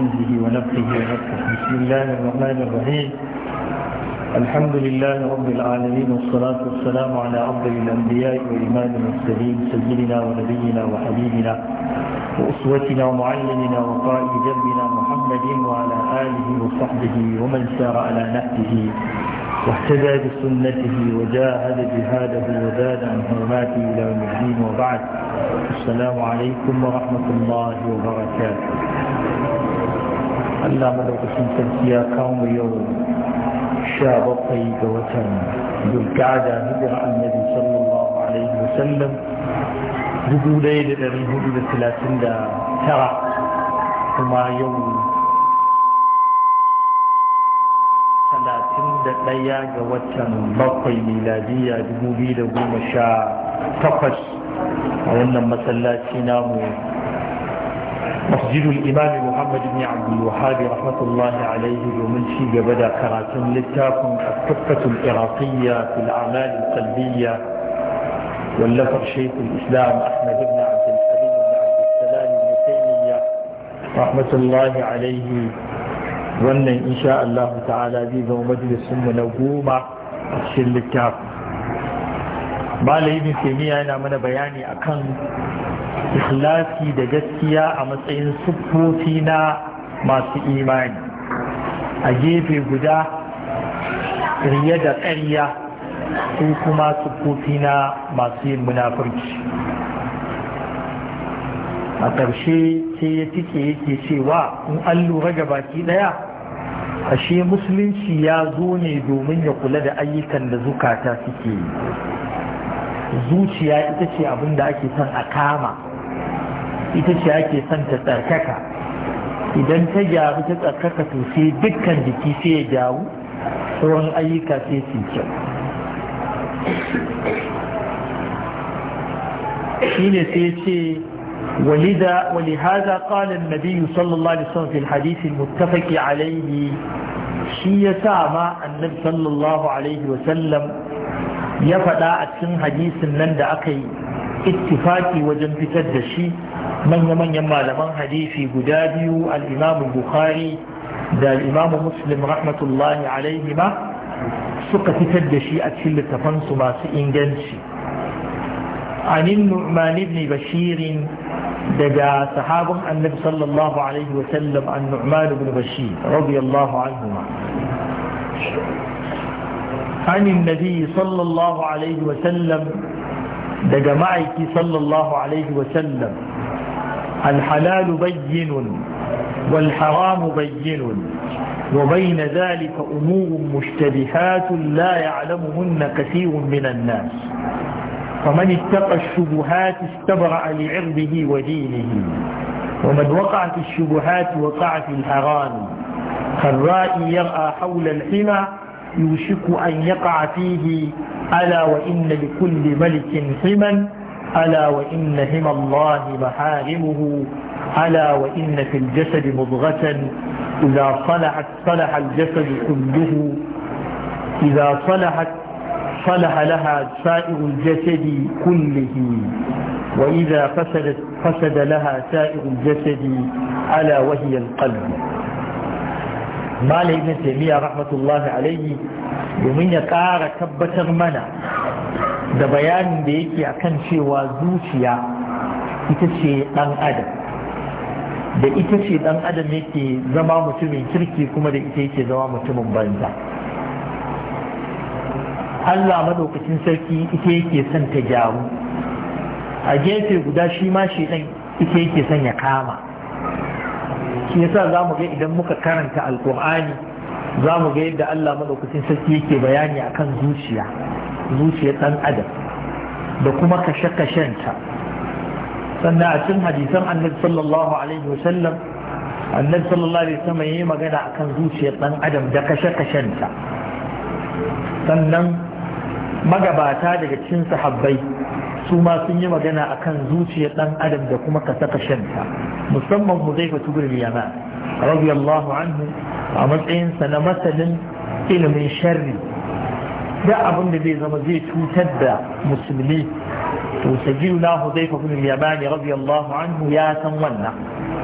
بحمده ونفسه ونفسه بسم الله الرحمن الرحيم الحمد لله رب العالمين والصلاة والسلام على عبد الأنبياء وإمام المرسلين سيدنا ونبينا وحبيبنا وأسوتنا ومعلمنا وقائد جنبنا محمد وعلى آله وصحبه ومن سار على نهجه واهتدى بسنته وجاهد جهاده وزاد عن حرماته إلى يوم الدين وبعد السلام عليكم ورحمة الله وبركاته Allah madaukakin sarki ya kawo yau sha bakwai ga watan dulkada hijira annabi sallallahu alaihi wasallam dubu ɗaya da hudu da talatin da tara kuma yau talatin da ɗaya ga watan bakwai miladiya dubu biyu da goma sha takwas a wannan masallaci namu مسجد الإمام محمد بن عبد الوهاب رحمة الله عليه ومن بدأ كراتن لتاكم التحفة العراقية في الأعمال القلبية واللفر شيخ الإسلام أحمد بن عبد الحليم بن عبد السلام بن تيمية رحمة الله عليه وأن إن شاء الله تعالى ذي ومجلس ثم نقوم لتاكم للتاكم ba تيمية أنا أنا بياني bayani ikhlasi da gaskiya a matsayin siffofi na masu imani a gefe guda riya da ƙarya su kuma siffofi na masu yin munafurci a ƙarshe sai ya tike yake cewa in an lura ga baki ɗaya ashe musulunci ya zo ne domin ya kula da ayyukan da zukata suke yi zuciya ita ce abinda ake son a kama ita ce ake son ta tsarkaka idan ta gyaru ta tsarkaka to sai dukkan jiki sai ya gyaru sauran ayyuka sai su kyau shi ne sai ce ولذا ولهذا قال النبي صلى الله عليه وسلم في الحديث المتفق عليه شيء سامع النبي صلى الله عليه وسلم يفدا أتن حديث من دعكي اتفاقي وجن في تدشي manya-manyan malaman hadisi guda biyu al'imamun bukhari da al'imamun muslim rahmatullahi alaihi ma suka fitar da shi a cikin littafansu masu inganci anin nu'man ibn bashirin daga sahabin annabi sallallahu alaihi wa sallam an nu'man ibn bashir radiyallahu anhu عن النبي صلى الله عليه وسلم دجمعك صلى الله عليه وسلم الحلال بين والحرام بين وبين ذلك أمور مشتبهات لا يعلمهن كثير من الناس فمن اتقى الشبهات استبرأ لعرضه ودينه ومن وقع في الشبهات وقع في الحرام فالرائي يرأى حول الحمى يوشك أن يقع فيه ألا وإن لكل ملك حما ألا وإن هم الله محارمه ألا وإن في الجسد مضغة إذا صلحت صلح الجسد كله إذا صلحت صلح لها سائر الجسد كله وإذا فسدت فسد لها سائر الجسد ألا وهي القلب ما ابن تيمية رحمة الله عليه ومن يقار كبة منا da bayanin da yake akan cewa zuciya ita ce ɗan adam da ita ce ɗan adam yake zama mutumin kirki kuma da ita yake zama mutumin banza Allah madaukakin sarki ita yake son ta gyaru a gefe guda shi ma shi ɗan ita yake son ya kama shi yasa za mu ga idan muka karanta alkur'ani za mu ga yadda Allah madaukakin sarki yake bayani akan zuciya zuciyar ɗan adam da kuma kashe-kashenta sannan a cikin hadisan annabi sallallahu alaihi wasallam annabi sallallahu alaihi wasallam yayi magana akan zuciyar ɗan adam da kashe-kashenta sannan magabata daga cikin sahabbai su ma sun yi magana akan zuciyar ɗan adam da kuma kashe-kashenta musamman mu huzaifa tubul yama radiyallahu anhu a matsayinsa na masalin ilimin sharri da abin da zai zama zai cutar da musulmi to sajiyu na huzaifa bin yamani radiyallahu anhu ya san wannan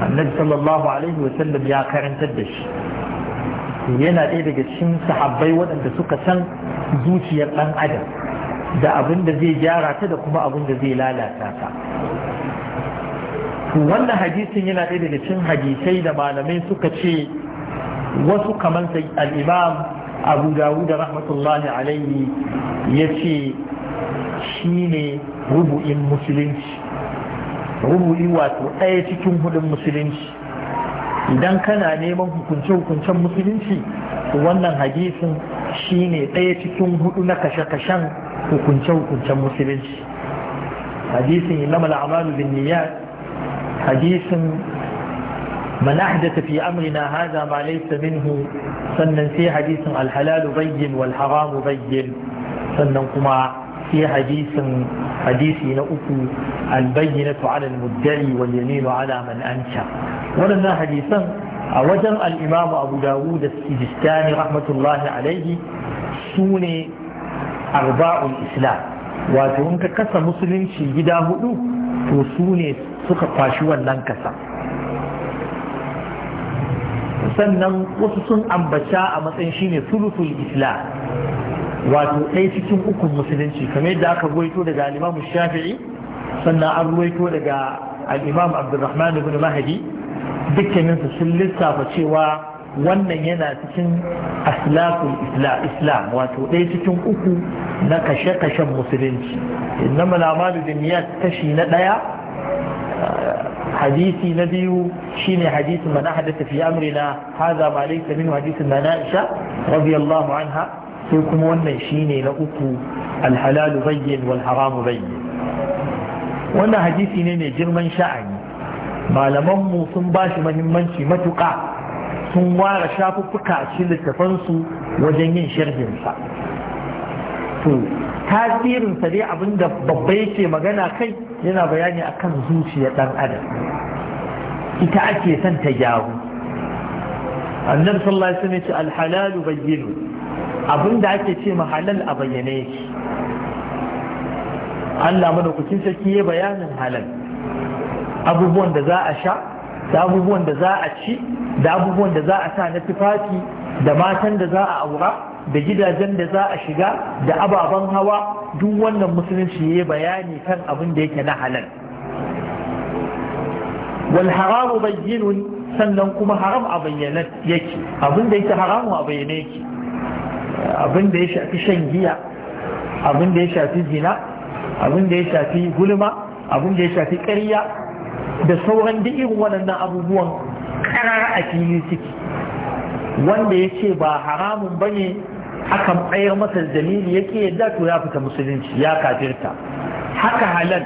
annabi sallallahu alaihi wa sallam ya karantar da shi yana ɗaya daga cikin sahabbai waɗanda suka san zuciyar ɗan adam da abin da zai gyara ta da kuma abin da zai lalata ta wannan hadisin yana ɗaya daga cikin hadisai da malamai suka ce wasu kamar al-imam abu dawud rahmatullahi alaihi ya ce shi ne rubu'in musulunci rubu'i wato ɗaya cikin hudun musulunci idan kana neman hukunce-hukuncen musulunci wannan hadisin shi ne ɗaya cikin hudu na kashe-kashen hukunce-hukuncen musulunci hadisin ilama al'amalu bin niyyar hadisin من أحدث في أمرنا هذا ما ليس منه سنن في حديث الحلال بين والحرام بين سنن كما في حديث حديث نأكو البينة على المدعي واليمين على من أنشأ ولنا حديثا أوجه الإمام أبو داود السجستاني رحمة الله عليه سوني أرباء الإسلام وتنك كسا مسلم شيدا هدو وسوني سكا قاشوا لنكسا sannan wasu sun ambaca a matsayin shine sulutul islam wato ɗaya cikin ukun musulunci kamar yadda aka ruwaito daga al'imamu shafi'i sannan an ruwaito daga al'imam abdurrahman ibn mahdi dukkaninsu sun lissafa cewa wannan yana cikin aslaful islam wato ɗaya cikin uku na kashe-kashen musulunci inna malamalu da kashi na ɗaya hadisi na biyu shine hadisin man ahdatha fi amrina hadha ma laysa min hadisin na Aisha radiyallahu anha sai kuma wannan shine na uku alhalal bayyin wal haram bayyin wannan hadisi ne mai girman sha'ani malaman mu sun ba shi muhimmanci matuƙa sun ware shafuffuka a cikin littafansu wajen yin sharhinsa to tasirin sa dai abinda babba yake magana kai yana bayani akan zuciyar ɗan adam ita ake son ta gyaru annabi sallallahu alaihi wasallam ya alhalalu bayyinu abinda ake ce ma halal a bayyane yake Allah madaukakin sarki ya bayanin halal abubuwan da za a sha da abubuwan da za a ci da abubuwan da za a sa na tufafi da matan da za a aura da gidajen da za a shiga da ababen hawa duk wannan musulunci ya yi bayani kan abin da yake na halal wal haramu bayyinun sannan kuma haram a bayyana yake abin da yake haramu a bayyana yake abin da ya shafi shan giya abin da ya shafi zina abin da ya shafi gulma abin da ya shafi ƙarya da sauran da irin waɗannan abubuwan karar a fili ciki wanda ya ce ba haramun bane Haka tsayar masa ya ke yadda to ya fita musulunci ya kafirta haka halal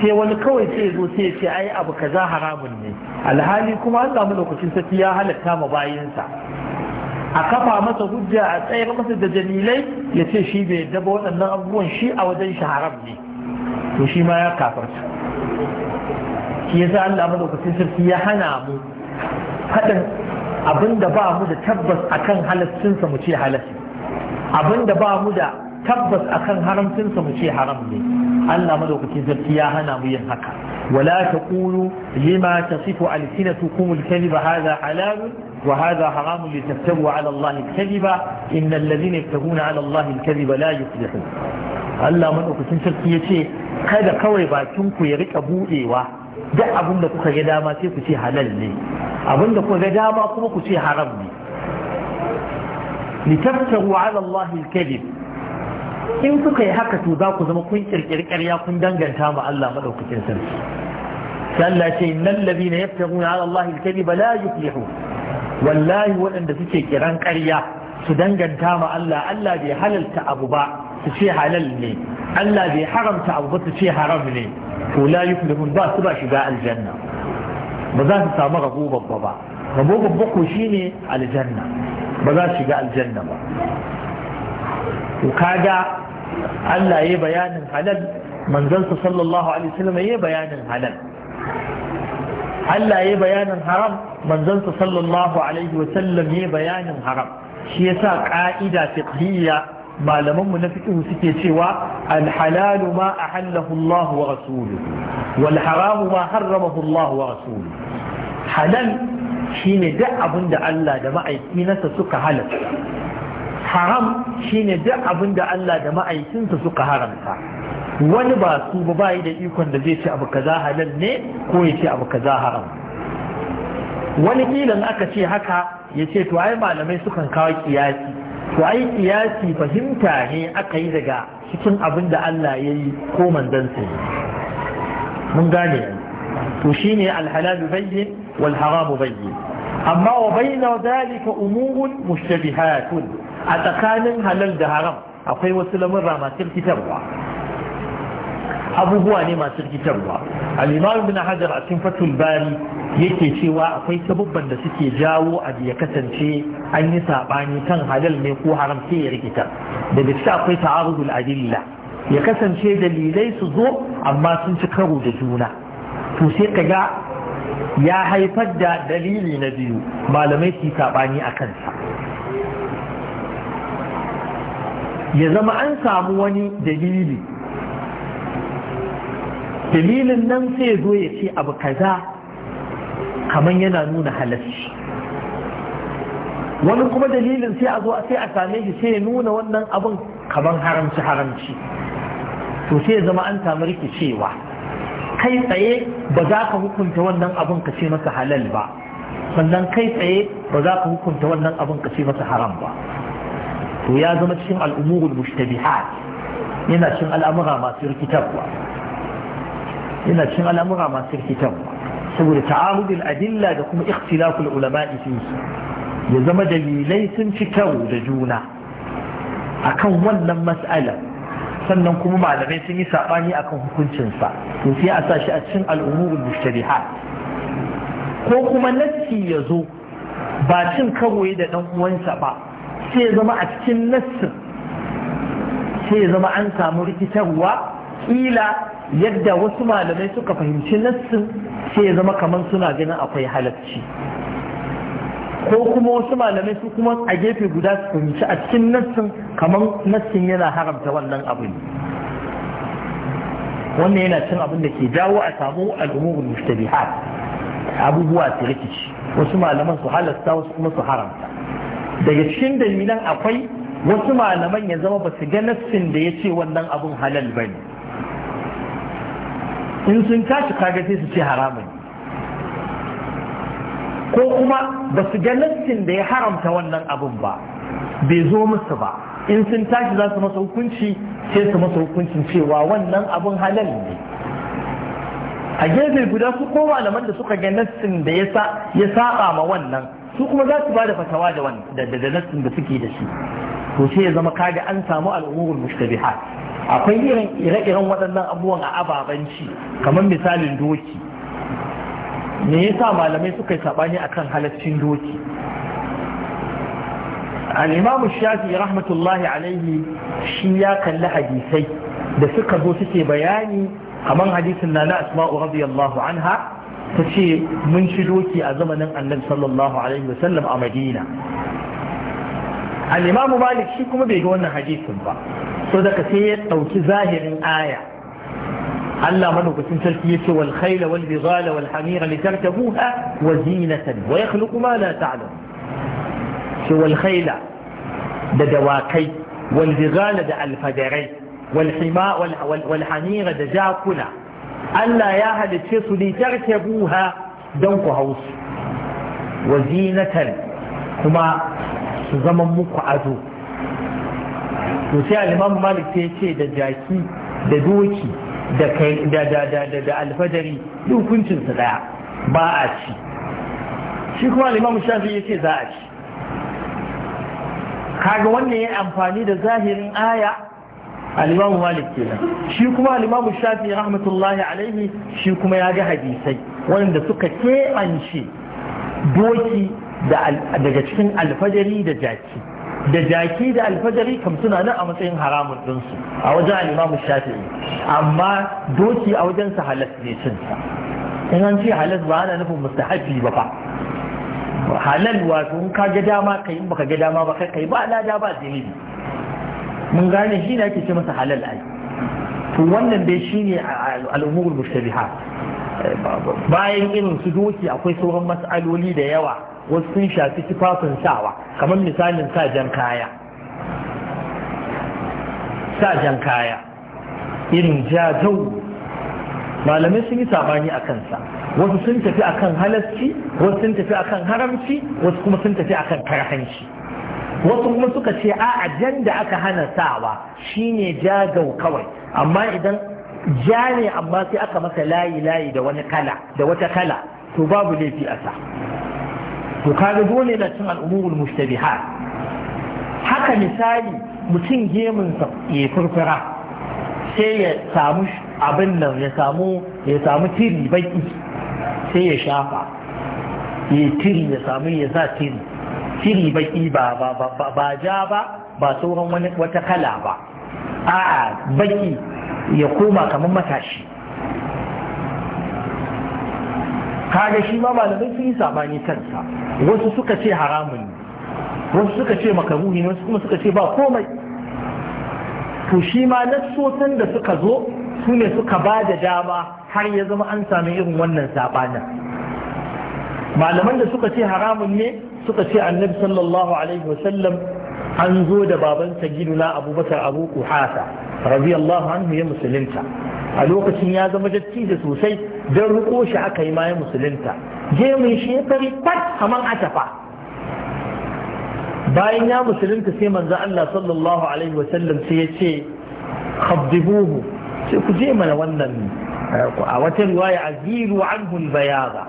sai wani kawai sai zo sai ce ai abu kaza haramun ne alhali kuma an samu lokacin sarki ya halatta ma bayinsa a kafa masa hujja a tsayar masa da dalilai ya ce shi bai yadda ba waɗannan abubuwan shi a wajen shi haram ne to shi ma ya kafarta shi yasa Allah madaukakin sarki ya hana mu faɗin abinda ba mu da tabbas akan halaccinsa mu ce halacci abinda ba mu da tabbas akan haramcinsa mu ce haram ne Allah madaukakin sarki ya hana mu yin haka wala taqulu lima tasifu alsinatukum alkadhiba hadha halal wa hadha haram litaftaru ala Allah alkadhiba innal ladhina yaftahuna ala Allah alkadhiba la yuflihun Allah madaukakin sarki yace kada kawai bakin ku ya rika budewa duk abin da kuka ga dama sai ku ce halal ne abin da kuka ga dama kuma ku ce haram ne litaftaru ala Allah al-kadhib in kuka yi haka to za ku zama kun kirkiri ƙarya kun danganta ma Allah madaukakin sarki sai Allah ce innal ladina yaftaruna ala Allah al-kadhib la yuflihun wallahi waɗanda suke kiran ƙarya su danganta ma Allah Allah bai halalta abu ba su ce halal ne Allah bai haramta abu ba su ce haram ne to la yuflihun ba su ba shiga aljanna ba za su samu rabo babba ba rabo babba ko shine aljanna ba za su shiga aljanna ba to kaga Allah ya bayanin halal manzansa sallallahu alaihi wasallam ya bayanin halal Allah ya bayanin haram manzansa sallallahu alaihi wasallam ya bayanin haram shi yasa ka'ida fiqhiyya malamanmu na fiqh suke cewa alhalalu ma ahallahu Allah wa rasuluhu wal haramu ma harramahu Allah wa halal shine duk abin da Allah da ma'aikinsa suka halatta haram shine duk abin da Allah da ma'aikinsa suka haramta wani ba su ba bai da ikon da zai ce abu kaza halal ne ko ya ce abu kaza haram wani kilan aka ce haka ya ce to ai malamai sukan kawo kiyasi to ai kiyasi fahimta ne aka yi daga cikin abin da Allah ya yi ko manzansa ne. mun gane to shine alhalal bayyin wal haramu bayyin amma wa bayna zalika umurun mushtabihatun a tsakanin halal da haram akwai wasu lamurra masu rikitarwa abubuwa ne masu rikitarwa al-imam ibn hajar a cikin fatul bari yake cewa akwai sabubban da suke jawo abu ya kasance an yi saɓani kan halal ne ko haram sai ya rikita da ciki akwai ta'arudul adilla ya kasance dalilai su zo amma sun ci karo da juna to sai ka ga ya haifar da dalili na biyu malamai su saɓani a kansa ya zama an samu wani dalili dalilin nan sai zo ya ce abu kaza kamar yana nuna halarci wani kuma dalilin sai a zo sai a same shi sai ya nuna wannan abin kamar haramci haramci to sai ya zama an samu rikicewa kai tsaye ba za ka hukunta wannan abin ka ce masa halal ba sannan kai tsaye ba za ka hukunta wannan abin ka ce masa haram ba to ya zama cikin al'umurul mushtabihat yana cikin al'amura masu rikitarwa yana cikin al'amura masu rikitarwa saboda ta'ahudul adilla da kuma ikhtilaful ulama'i fihi ya zama dalilai sun ci kyau da juna akan wannan mas'ala sannan kuma malamai sun yi saɓani akan hukuncinsa to sai a sa shi a cikin al'umurul mushtabihat ko kuma nassi ya zo ba cin karo da ɗan uwansa ba sai ya zama a cikin nassin sai ya zama an samu rikitarwa kila yadda wasu malamai suka fahimci nassin sai ya zama kamar suna ganin akwai halacci ko kuma wasu malamai su kuma a gefe guda su fahimci a cikin nassin kamar nassin yana haramta wannan abu ne wannan yana cin abin da ke jawo a samu al'umurul mustabihat abubuwa su rikici wasu malaman su halasta wasu kuma su haramta daga cikin dalilan akwai wasu malaman ya zama ba su ga nassin da ya ce wannan abun halal ba ne in sun tashi kaga sai su ce haramun ko kuma ba su ga nassin da ya haramta wannan abin ba bai zo musu ba in sun tashi za su masa hukunci sai su masa hukuncin cewa wannan abin halal ne a gefe guda su ko malaman da suka ga nassin da ya saba ma wannan su kuma za su ba da fatawa da da nassin da suke da shi to sai ya zama kaga an samu al'umurul mushtabihat akwai irin ire-iren waɗannan abubuwan a ababanci kamar misalin doki me yasa malamai suka yi a kan halaccin doki al-imamu shafi rahmatullahi alaihi shi ya kalli hadisai da suka zo suke bayani kamar hadisin Nana asma'u radiyallahu anha ta ce mun ci doki a zamanin annabi sallallahu alaihi wasallam a madina al malik shi kuma bai ga wannan hadisin ba so daga sai ya ɗauki zahirin aya Allah madaukakin sarki yace wal khayla wal bizala wal hamira litarkabuha wa zinatan wa yakhluqu ma la ta'lam shi wal da dawakai wal bizala da alfadarai wal hima wal hamira da jakuna Allah ya halice su litarkabuha don ku hausu wa zinatan kuma su zama muku ado to sai al-Imam Malik sai ce da jaki da doki da kai da da da da da alfajari duk hukuncin su daya ba a ci shi kuma limamu shafi yace za a ci kaga wannan yayin amfani da zahirin aya alimamu Malik kenan shi kuma limamu shafi rahmatullahi alaihi shi kuma ya ga hadisai wanda suka keɓance doki daga cikin alfajari da jaki da jaki da alfajari kam suna nan a matsayin haramun ɗinsu a wajen alimamu shafi'i amma doki a wajen sa halas ne cin in an ce halas ba ana nufin mustahabi ba fa halal wato in ka ga dama kai in baka ga dama ba kai kai ba lada ba zalimi mun gane shi ne ake ce masa halal ai to wannan dai shine al'umurul mushtabihat bayan irin su doki akwai sauran mas'aloli da yawa wasu sun shafi tufafin sawa kamar misalin sa jan kaya sa jan kaya irin jajau malamai sun yi sabani a kansa wasu sun tafi akan halarci wasu sun tafi akan haramci wasu kuma sun tafi akan karhanci wasu kuma suka ce a ajan da aka hana sawa shine jajau kawai amma idan ja ne amma sai aka masa layi layi da wani kala da wata kala to babu laifi a sa to kaga dole na cin al'umurul mushtabihat haka misali mutum gemunsa ya furfura sai ya samu abin nan ya samu ya samu tiri baki sai ya shafa ya tiri ya samu ya sa tiri tiri baki ba ba ba ba ja ba ba sauran wani wata kala ba a'a baki ya koma kamar matashi kaga shi ma malamai sun yi sabani kansa wasu suka ce haramun wasu suka ce makaruhi ne wasu kuma suka ce ba komai to shi ma nassosan da suka zo su ne suka ba da dama har ya zama an sami irin wannan sabanin malaman da suka ce haramun ne suka ce annabi sallallahu alaihi wasallam an zo da babansa giduna abubakar abu kuhasa radiyallahu anhu ya musulunta a lokacin ya zama da sosai don riko shi aka yi mayan musulunta je mai shefari fat kamar atafa bayan ya musulunta sai manzo Allah sallallahu alaihi wasallam sai ya ce khabdibuhu sai ku je mana wannan eh, a wata riwaya aziru anhu albayaba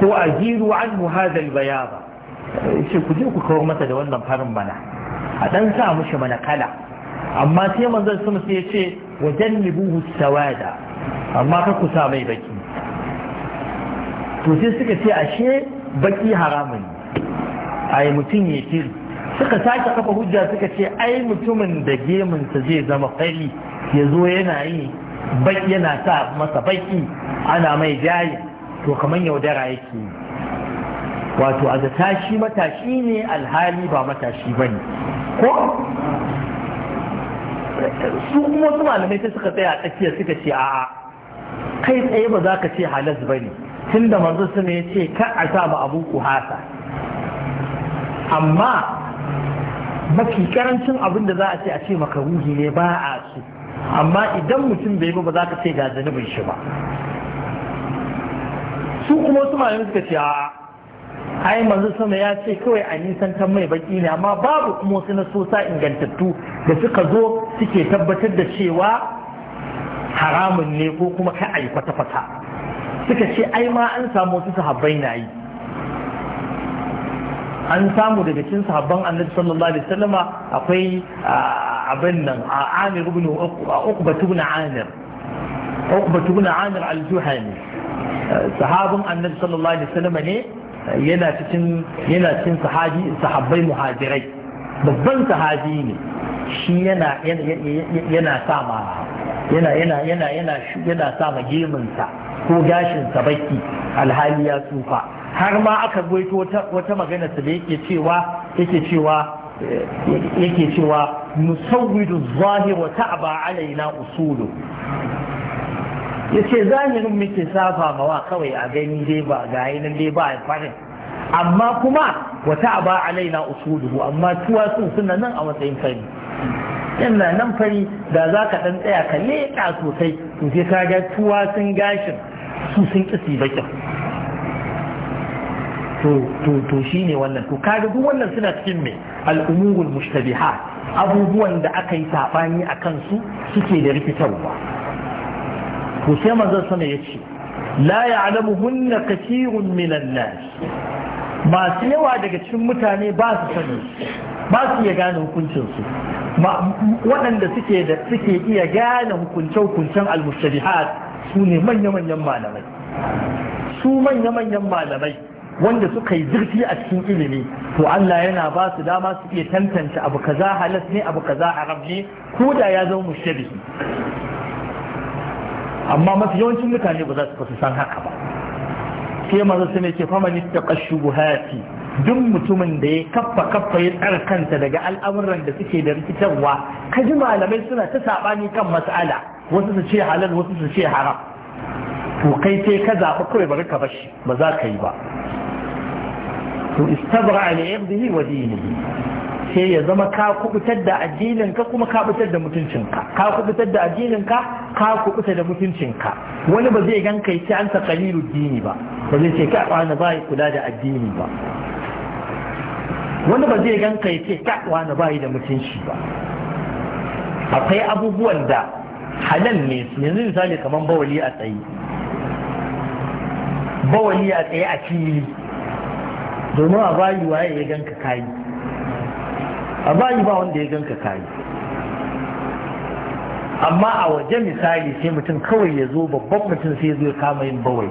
ko aziru anhu hadha albayaba eh, sai ku je ku kawo masa da wannan farin bana a dan sa mushi mana kala amma sai manzon sama sai ya ce wajannibuhu sawada amma ka ku sa mai baki to sai suka ce ashe baki haramun ai mutum ya kiri suka sake kafa hujja suka ce ai mutumin da gemunsa zai zama fari ya zo yana yi baki yana sa masa baki ana mai jayi to kamar yaudara yake wato a zata matashi ne alhali ba matashi ba ne ko su kuma wasu malamai sai suka tsaya a tsakiya suka ce a'a kai tsaye ba za ka ce halas ba ne tun da manzo su ne ce kar a sa ba abu ku hasa, amma mafi karancin abin da za a ce a ce maka ruhi ne ba a su amma idan mutum bai ba za ka ce ga zanubin shi ba su kuma wasu malamai suka ce a'a ai manzo sama ya ce kawai a nisantar mai baki ne amma babu kuma wasu na sosa ingantattu da suka zo suke tabbatar da cewa haramun ne ko kuma kai ai kwata-kwata suka ce ai ma an samu wasu sahabbai na yi an samu daga cikin sahabban annabi sallallahu alaihi wasallama akwai abin nan a amir ibn uqba ibn amir uqba ibn amir al-juhani sahabban annabi sallallahu alaihi wasallama ne yana cikin yana cikin sahabi sahabbai muhajirai babban sahabi ne shi yana yana sama yana yana yana yana yana sama ko gashinsa baki alhali ya tsufa har ma aka gwaito wata magana su da yake cewa yake cewa yake cewa musawwidu zahir wa ta'aba alaina usulu ya ce zahirin muke safa mawa kawai a gani dai ba ga nan dai ba alfarin amma kuma wata ba alaina usuluhu amma tuwatsun suna nan a matsayin fari na nan fari da za ka ɗan tsaya ka leƙa sosai to sai ka ga tuwatsun gashin su sun ƙisi bakin to shi ne wannan to kaga duk wannan suna cikin mai al'umurul mushtabiha abubuwan da aka yi saɓani a kansu suke da rikitarwa to sai manzon sama ya ce la ya'lamuhunna kathirun minan nas masu yawa daga cikin mutane ba su sani ba su iya gane hukuncin waɗanda suke da suke iya gane hukunce-hukuncen al-mustabihat su ne manya-manyan malamai su manya-manyan malamai wanda suka yi zurfi a cikin ilimi to Allah yana ba su dama su iya tantance abu kaza halas ne abu kaza haram ne ko da ya zama mushabihi amma mafi yawancin mutane ba za su fasu san haka ba sai maza su ne ke famani ta kashu buhati duk mutumin da ya kaffa kafa ya tsara kanta daga al'amuran da suke da rikitarwa ka ji malamai suna ta saɓani kan mas'ala wasu su ce halal wasu su ce haram to kai sai ka zaɓi kawai bari ka bashi ba za ka yi ba to istabra ala irdihi wa dinihi sai ya zama ka kubutar da addininka kuma ka kubutar da mutuncinka ka kubutar da addininka ka kubutar da mutuncinka wani ba zai gan kai sai an sa qalilu dini ba ba zai ce ka wani bai kula da addini ba wani ba zai gan kai sai ka wani bai da mutunci ba akwai abubuwan da halal ne yanzu misali kaman bawali a tsaye bawali a tsaye a fili domin a bayuwa ya ya ganka kayi a bayi ba wanda ya ganka kayi amma a waje misali sai mutum kawai ya zo babban mutum sai ya zo ya kama yin bawali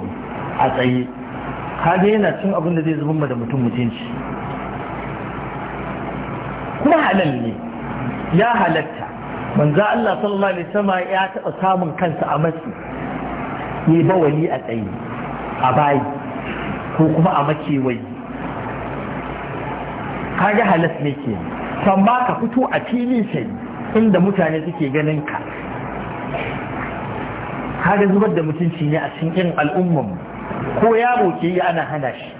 a tsaye kaga yana cin abin da zai zubin da mutum mutunci kuma halal ne ya halatta manza Allah sallallahu alaihi wasallam ya taɓa samun kansa a matsi ne bawali a tsaye a bayi ko kuma a makewai kaga halas ne kenan amma ka fito a fili sai inda mutane suke ganin ka har zubar da mutunci ne a cikin irin al'umman ko yaro ke yi ana hana shi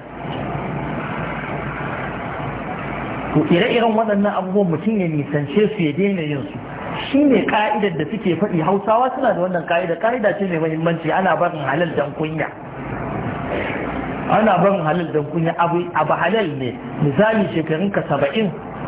to ire-iren waɗannan abubuwan mutum ya nisance su ya daina yin su shi ne ka'idar da suke faɗi hausawa suna da wannan ka'idar. ka'ida ce mai mahimmanci ana barin halal dan kunya ana barin halal dan kunya abu halal ne misali shekarun ka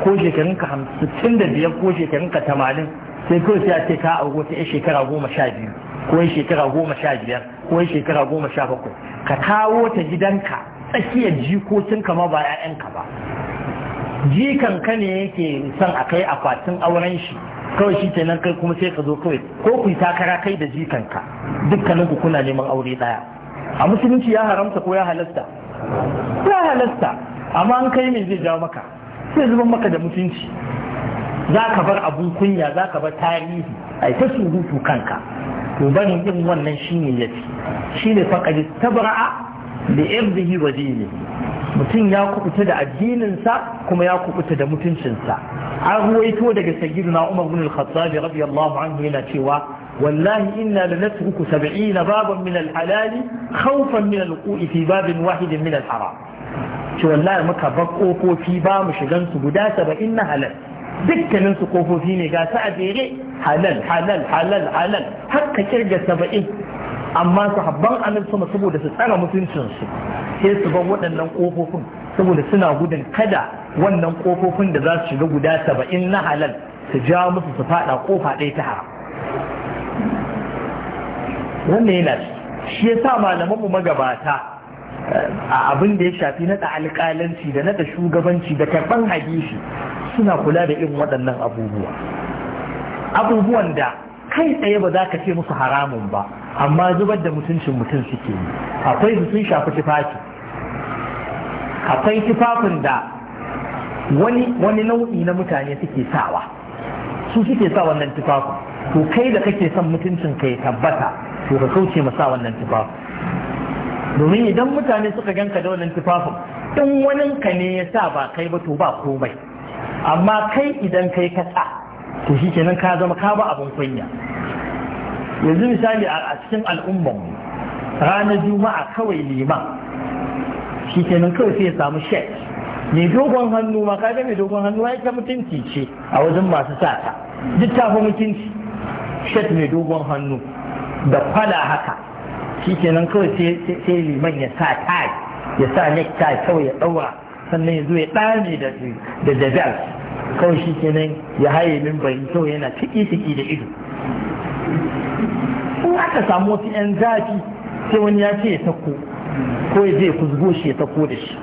ko shekarun ka hamsin da biyar ko shekarun ka tamanin sai kawai sai a ce ka auri wata 'yan shekara goma sha biyu ko 'yan shekara goma sha biyar ko 'yan shekara goma sha bakwai ka kawo ta gidanka tsakiyar ka ma ba ka ba jikan ka ne yake son a kai akwatin auren shi kawai shi kenan kai kuma sai ka zo kawai ko ku yi takara kai da jikan ka dukkanin ku kuna neman aure ɗaya? a musulunci ya haramta ko ya halasta ya halasta amma an kai me zai jawo maka sai zama maka da mutunci za ka bar abun kunya za ka bar tarihi a ta surutu kanka to barin din wannan shine yafi shine faqad tabra'a da irdihi wa dinihi mutum ya kubuta da addininsa kuma ya kubuta da mutuncinsa an ruwaito daga na Umar bin Al-Khattab radiyallahu anhu yana cewa wallahi inna lanatruku 70 baban min al-halal khawfan min al-wuqi fi babin wahidin min al-haram ce wallahi muka bar kofofi ba mu shigan su guda saba'in na halal dukkanin su kofofi ne ga su a jere halal halal halal halal har ka kirga saba'in amma su habban amin sama saboda su tsara mutuncin su sai su bar waɗannan kofofin saboda suna gudun kada wannan kofofin da za su shiga guda saba'in na halal su ja musu su faɗa kofa ɗaya ta haram wannan yana shi yasa malaman mu magabata abin da ya shafi naɗa alƙalanci da naɗa shugabanci da karɓan hadisi suna kula da irin waɗannan abubuwa abubuwan da kai tsaye ba za ka ce musu haramun ba amma zubar da mutuncin mutum suke yi akwai su sun shafi tufafi akwai tufafin da wani nau'i na mutane suke sawa su suke sa wannan tufafin to kai da kake son mutuncin ka ya tabbata to ka kauce masa wannan tufafin domin idan mutane suka ganka da wannan tufafin in wani ka ne ya sa ba kai ba to ba komai amma kai idan kai ka sa to shi kenan ka zama ka ba abin kunya yanzu misali a cikin al'umman ranar juma'a kawai liman shi kenan kawai sai ya samu shek mai dogon hannu ma ka mai dogon hannu ya ka mutunci ce a wajen masu sata duk ta fi mutunci shek mai dogon hannu da kwala haka kenan kawai sai liman ya sa tai ya sa tai kawai ya daura sannan ya zo ya dame da da jazal kawai shikenan ya haye min bayin kawai yana tiki tiki da ido ko aka samu wasu yan zafi sai wani ya ce ya sako ko ya je kuzgo shi ya sako da shi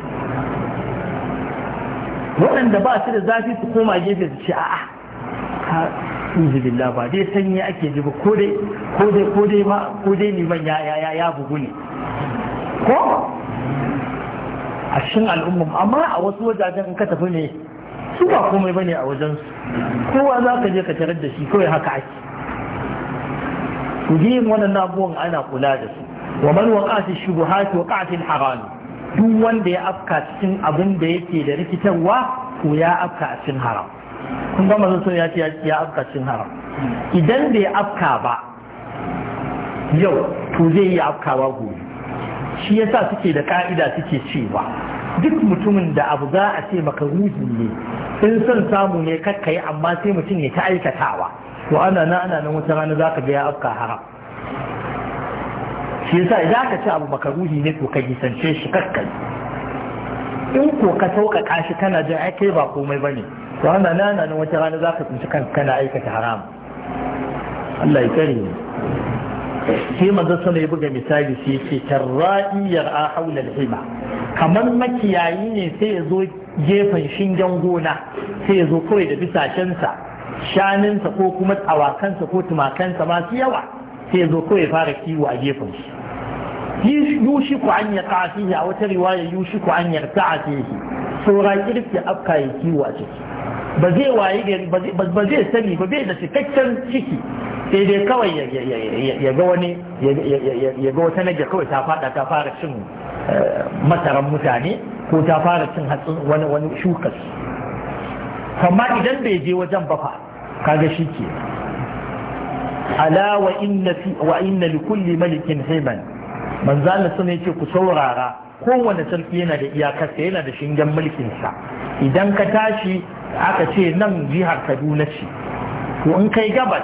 waɗanda ba su da zafi su koma gefe su ce a'a a'udhu ba dai sanyi ake ji ba ko dai ko dai ko dai ma ko dai ban ya ya ya bugu ne ko a cikin al'umma amma a wasu wajajen in ka tafi ne su ba komai bane a wajen su kowa za ka je ka tarar da shi kawai haka ake ku ji wannan abubuwan ana kula da su wa man waqati qati al haram duk wanda ya afka cikin abin da yake da rikitarwa ko ya afka cikin haram kun ga mazan sun ya ce ya afka cin haram idan bai afka ba yau to zai afka ba gobe shi sa suke da ka'ida suke cewa duk mutumin da abu za a ce maka ruhi ne in son samu ne kakkayi amma sai mutum ya ta aikatawa to ana na ana nan wata rana za ka ga ya afka haram shi sa idan ka ci abu makaruhi ne to ka gisance shi kakkayi in ko ka sauƙaƙa shi kana jin ai kai ba komai bane to ana nana nan wata rana za ka tsinci kanka kana aikata haram Allah ya tsare mu sai manzo sama ya buga misali sai yake tarra'i a haula al-hima kamar makiyayi ne sai ya zo gefen shingen gona sai ya zo kawai da bisashensa shaninsa ko kuma awakansa ko tumakansa masu yawa sai ya zo kawai fara kiwo a gefen shi ku an ya fihi a wata riwaya yushiku an yarta'a fihi saura kirki afka ya kiwo a ciki ba zai wayi ba zai sani ba bai da cikakken ciki sai dai kawai ya ga wani ya ga wata nage kawai ta fada ta fara cin eh, masaran mutane ko ta fara cin hatsin wani wani shukar amma idan bai je wajen ba fa kaga shi ke ala wa inna fi wa inna li kulli malikin himan manzo Allah sun yace ku saurara kowane sarki yana da iyakarsa yana da shingen mulkin sa idan ka tashi aka ce nan jihar kaduna ce to in kai gabas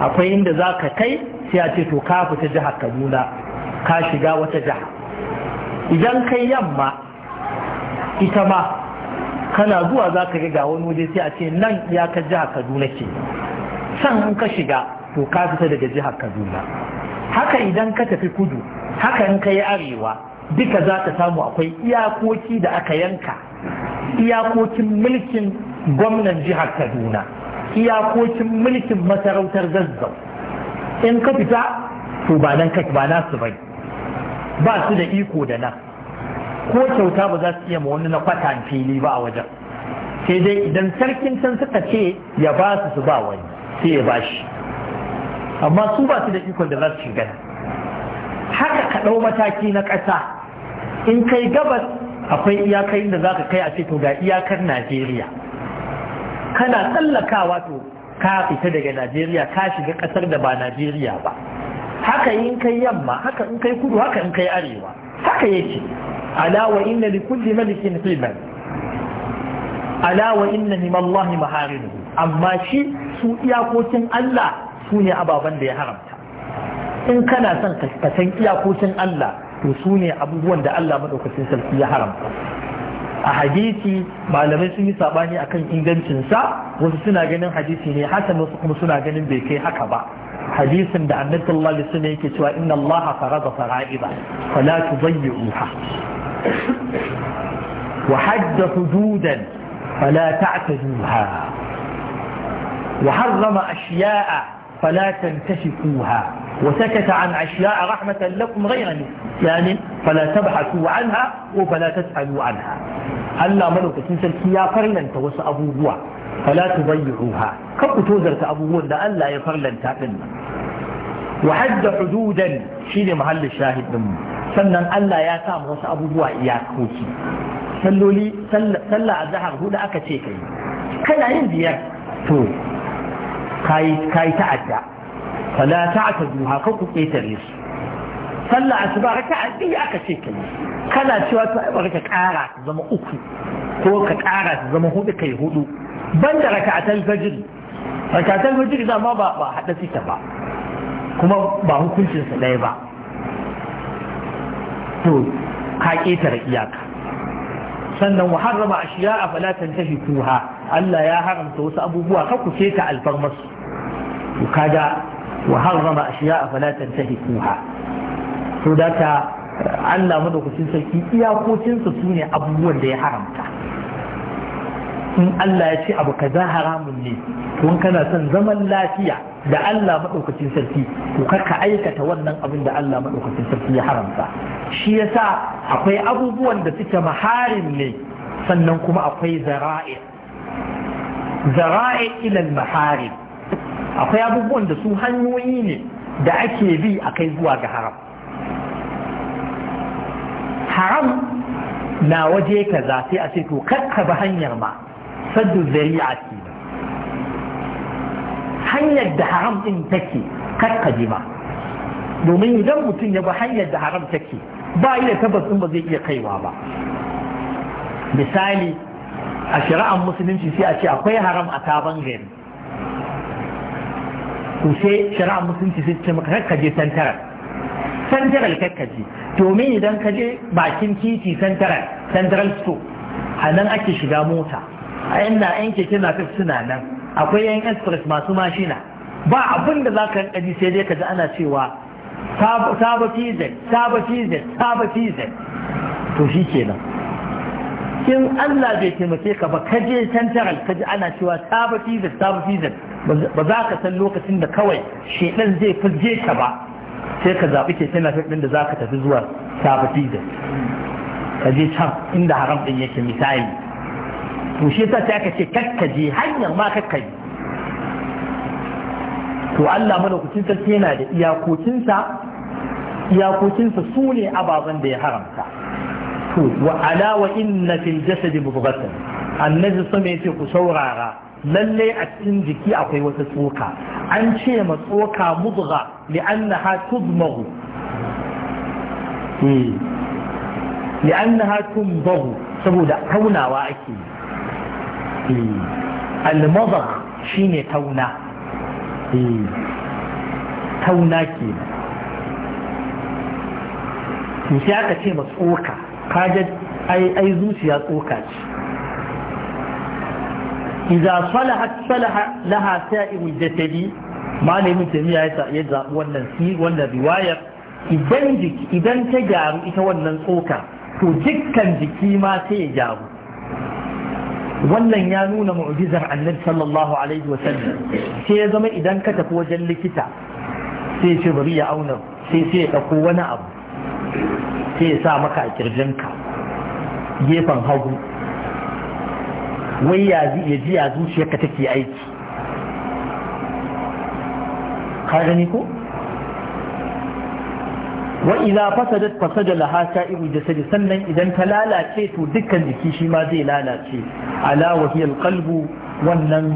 akwai inda za ka kai sai a ce to ka fita jihar kaduna ka shiga wata jiha idan kai yamma ita ma kana zuwa za ka ga wani waje sai a ce nan iyakar jihar kaduna ke san in ka shiga to ka fita daga jihar kaduna haka idan ka tafi kudu haka in ka yi arewa duka za ka samu akwai iyakoki da aka yanka iyakokin mulkin gwamnan jihar kaduna iyakokin mulkin masarautar zazzau in ka fita to ba nan kake ba su bai ba su da iko da nan ko kyauta ba za su iya ma wani na kwata fili ba a wajen sai dai idan sarkin can suka ce ya ba su su ba wani sai ya ba shi amma su ba su da ikon da za su shiga haka ɗau mataki na ƙasa in kai gabas akwai iyakar inda za ka kai a ce to ga iyakar najeriya kana tsallakawa to ka fita daga najeriya ka shiga ƙasar da ba najeriya ba haka in kai yamma haka in kai kudu haka in kai arewa haka yake ala wa inna li kulli malikin himan ala inna ma Allah maharimuhu amma shi su iyakokin Allah su ne ababen da ya haramta in kana son ka san iyakokin Allah to su ne abubuwan da Allah maɗaukacin sarki ya haramta a hadisi malamai sun yi sabani akan ingancinsa wasu suna ganin hadisi ne hasan wasu kuma suna ganin bai kai haka ba hadisin da annabi sallallahu alaihi wasallam yake cewa inna allaha farada fara'ida fala tudayyi'uha wa hadda hududan fala ta'taduha wa harrama ashiya'a fala tantashifuha وسكت عن أشياء رحمة لكم غير يعني فلا تبحثوا عنها وفلا تسألوا عنها ألا ملوك تنسلكي يا فرلن توس أبوه فلا تضيعوها كم توزرت أبوه لألا يفرلن تأمن وحد حدودا شيني محل الشاهد منه sannan Allah ya sa wasu abubuwa iyakoki salloli sallah a zahar hudu aka ce kai kana yin biyar to kayi ta'adda fala ta'tadu haka ku ketare su sallah asuba raka'a biyu aka ce kai kana cewa ta barka kara zama uku ko ka kara ta zama hudu kai hudu banda raka'atul fajr raka'atul fajr da ma ba ba hada suke kuma ba hukuncin su ɗaya ba to ka ketare iyaka sannan wa harrama ashiya'a fala tantahikuha Allah ya haramta wasu abubuwa ka ku keta alfarmasu ka kaga wa a ashiya fala tantahikuha to daka Allah madaukakin sarki iyakokinsa sune ne abubuwan da ya haramta in Allah ya ce abu kaza haramun ne to kana son zaman lafiya da Allah madaukakin sarki to ka aikata wannan abin da Allah madaukakin sarki ya haramta shi yasa akwai abubuwan da suke maharin ne sannan kuma akwai zara'i zara'in ilal maharin akwai abubuwan da su hanyoyi ne da ake bi a kai zuwa ga haram haram na waje kaza sai a ce to kakka ba hanyar ma saddu zari'a ce hanyar da haram din take kakka ji ba domin idan mutum ya ba hanyar da haram take ba yi da tabbas ba zai iya kaiwa ba misali a shari'ar musulunci sai a ce akwai haram a sabon gari sosai sai shari'a musulunci sai ce maka kakkaje santarar santarar kakkaje domin idan ka je bakin titi santarar santarar store a nan ake shiga mota a inda yan keke na suna nan akwai yan express masu mashina ba abin da za ka kaji sai dai ka ji ana cewa saba pz saba pz saba pz to shi kenan in Allah bai taimake ka ba ka je kaji ana cewa saba pz saba pz ba za ka san lokacin da kawai shedan zai fizge ka ba sai ka zaɓi ke tana ɗin da za ka tafi zuwa sabati da ka je can inda haram ɗin yake misali to shi ta aka ce kakkaje hanyar ma kakkaje to Allah madaukakin sarki yana da iyakokinsa iyakokinsa su ne ababen da ya haramta to wa ala wa inna fil jasadi mubghatan annabi sama yace ku saurara lallai a cikin jiki akwai wata tsoka an ce ma tsoka mudgha li'annaha tudmahu hmm. li'annaha tumbahu saboda taunawa ake yi hmm. al-mudgh shine tauna hmm. tauna ke to sai aka ce ma tsoka kaje ai ai zuciya tsoka ce idza salahat salaha laha sa'irul jasadi malamin tamiya ya zaɓi wannan si wannan riwayar idan ta gyaru ita wannan tsoka to jikan jiki ma sai ya gyaru wannan ya nuna mu'jizar annabi sallallahu sai ya zama idan ka tafi wajen likita sai ce bari ya auna sai sai ya dauko wani abu sai ya sa maka a kirjinka gefen hagu wai ya ji ya zuciyarka take aiki ka gani ko wa idza fasadat fasada laha da sadi sannan idan ta lalace to dukkan jiki shi ma zai lalace ala wa hiya wannan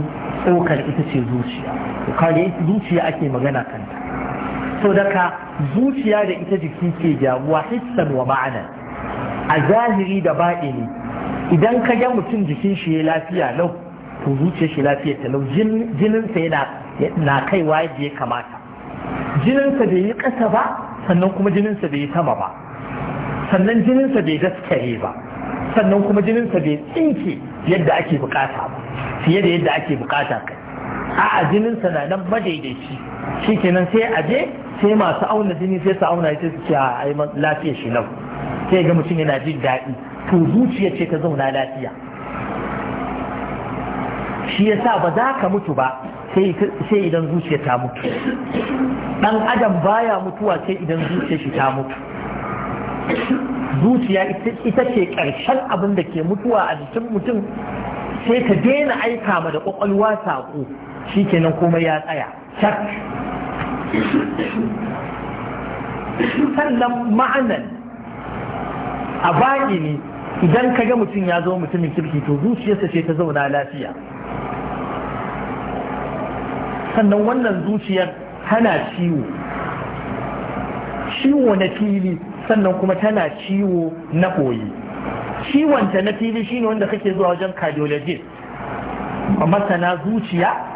tsokar ita ce zuciya to zuciya ake magana kanta so daga zuciya da ita jiki ke jamuwa hissan wa ma'ana a zahiri da ne. idan ka ga mutum jikin shi ya lafiya lau to zuciyar shi lafiya ta lau jininsa yana na kaiwa yadda ya kamata jininsa bai yi ƙasa ba sannan kuma jininsa bai yi sama ba sannan jininsa bai daskare ba sannan kuma jininsa bai tsinke yadda ake bukata ba fiye da yadda ake bukata kai a'a jininsa na nan madaidaici shi kenan sai a je sai masu auna jini sai su auna ita su ce a ai lafiyar shi lau sai ga mutum yana jin daɗi to zuciya ce ta zauna lafiya shi ya sa ba za ka mutu ba sai idan zuciya ta mutu ɗan adam baya mutuwa sai idan zuciya shi ta mutu zuciya ita ce ƙarshen abin da ke mutuwa a jikin mutum sai ka daina aika ma da ƙwaƙwalwa saƙo shi kenan komai ya tsaya sannan ma'anan a baƙi ne idan ka ga mutum ya zama mutumin kirki to zuciyarsa ce ta zauna lafiya sannan wannan zuciyar tana ciwo ciwo na fili sannan kuma tana ciwo na ɓoye ciwonta na fili shine wanda kake zuwa wajen cardiologist masana zuciya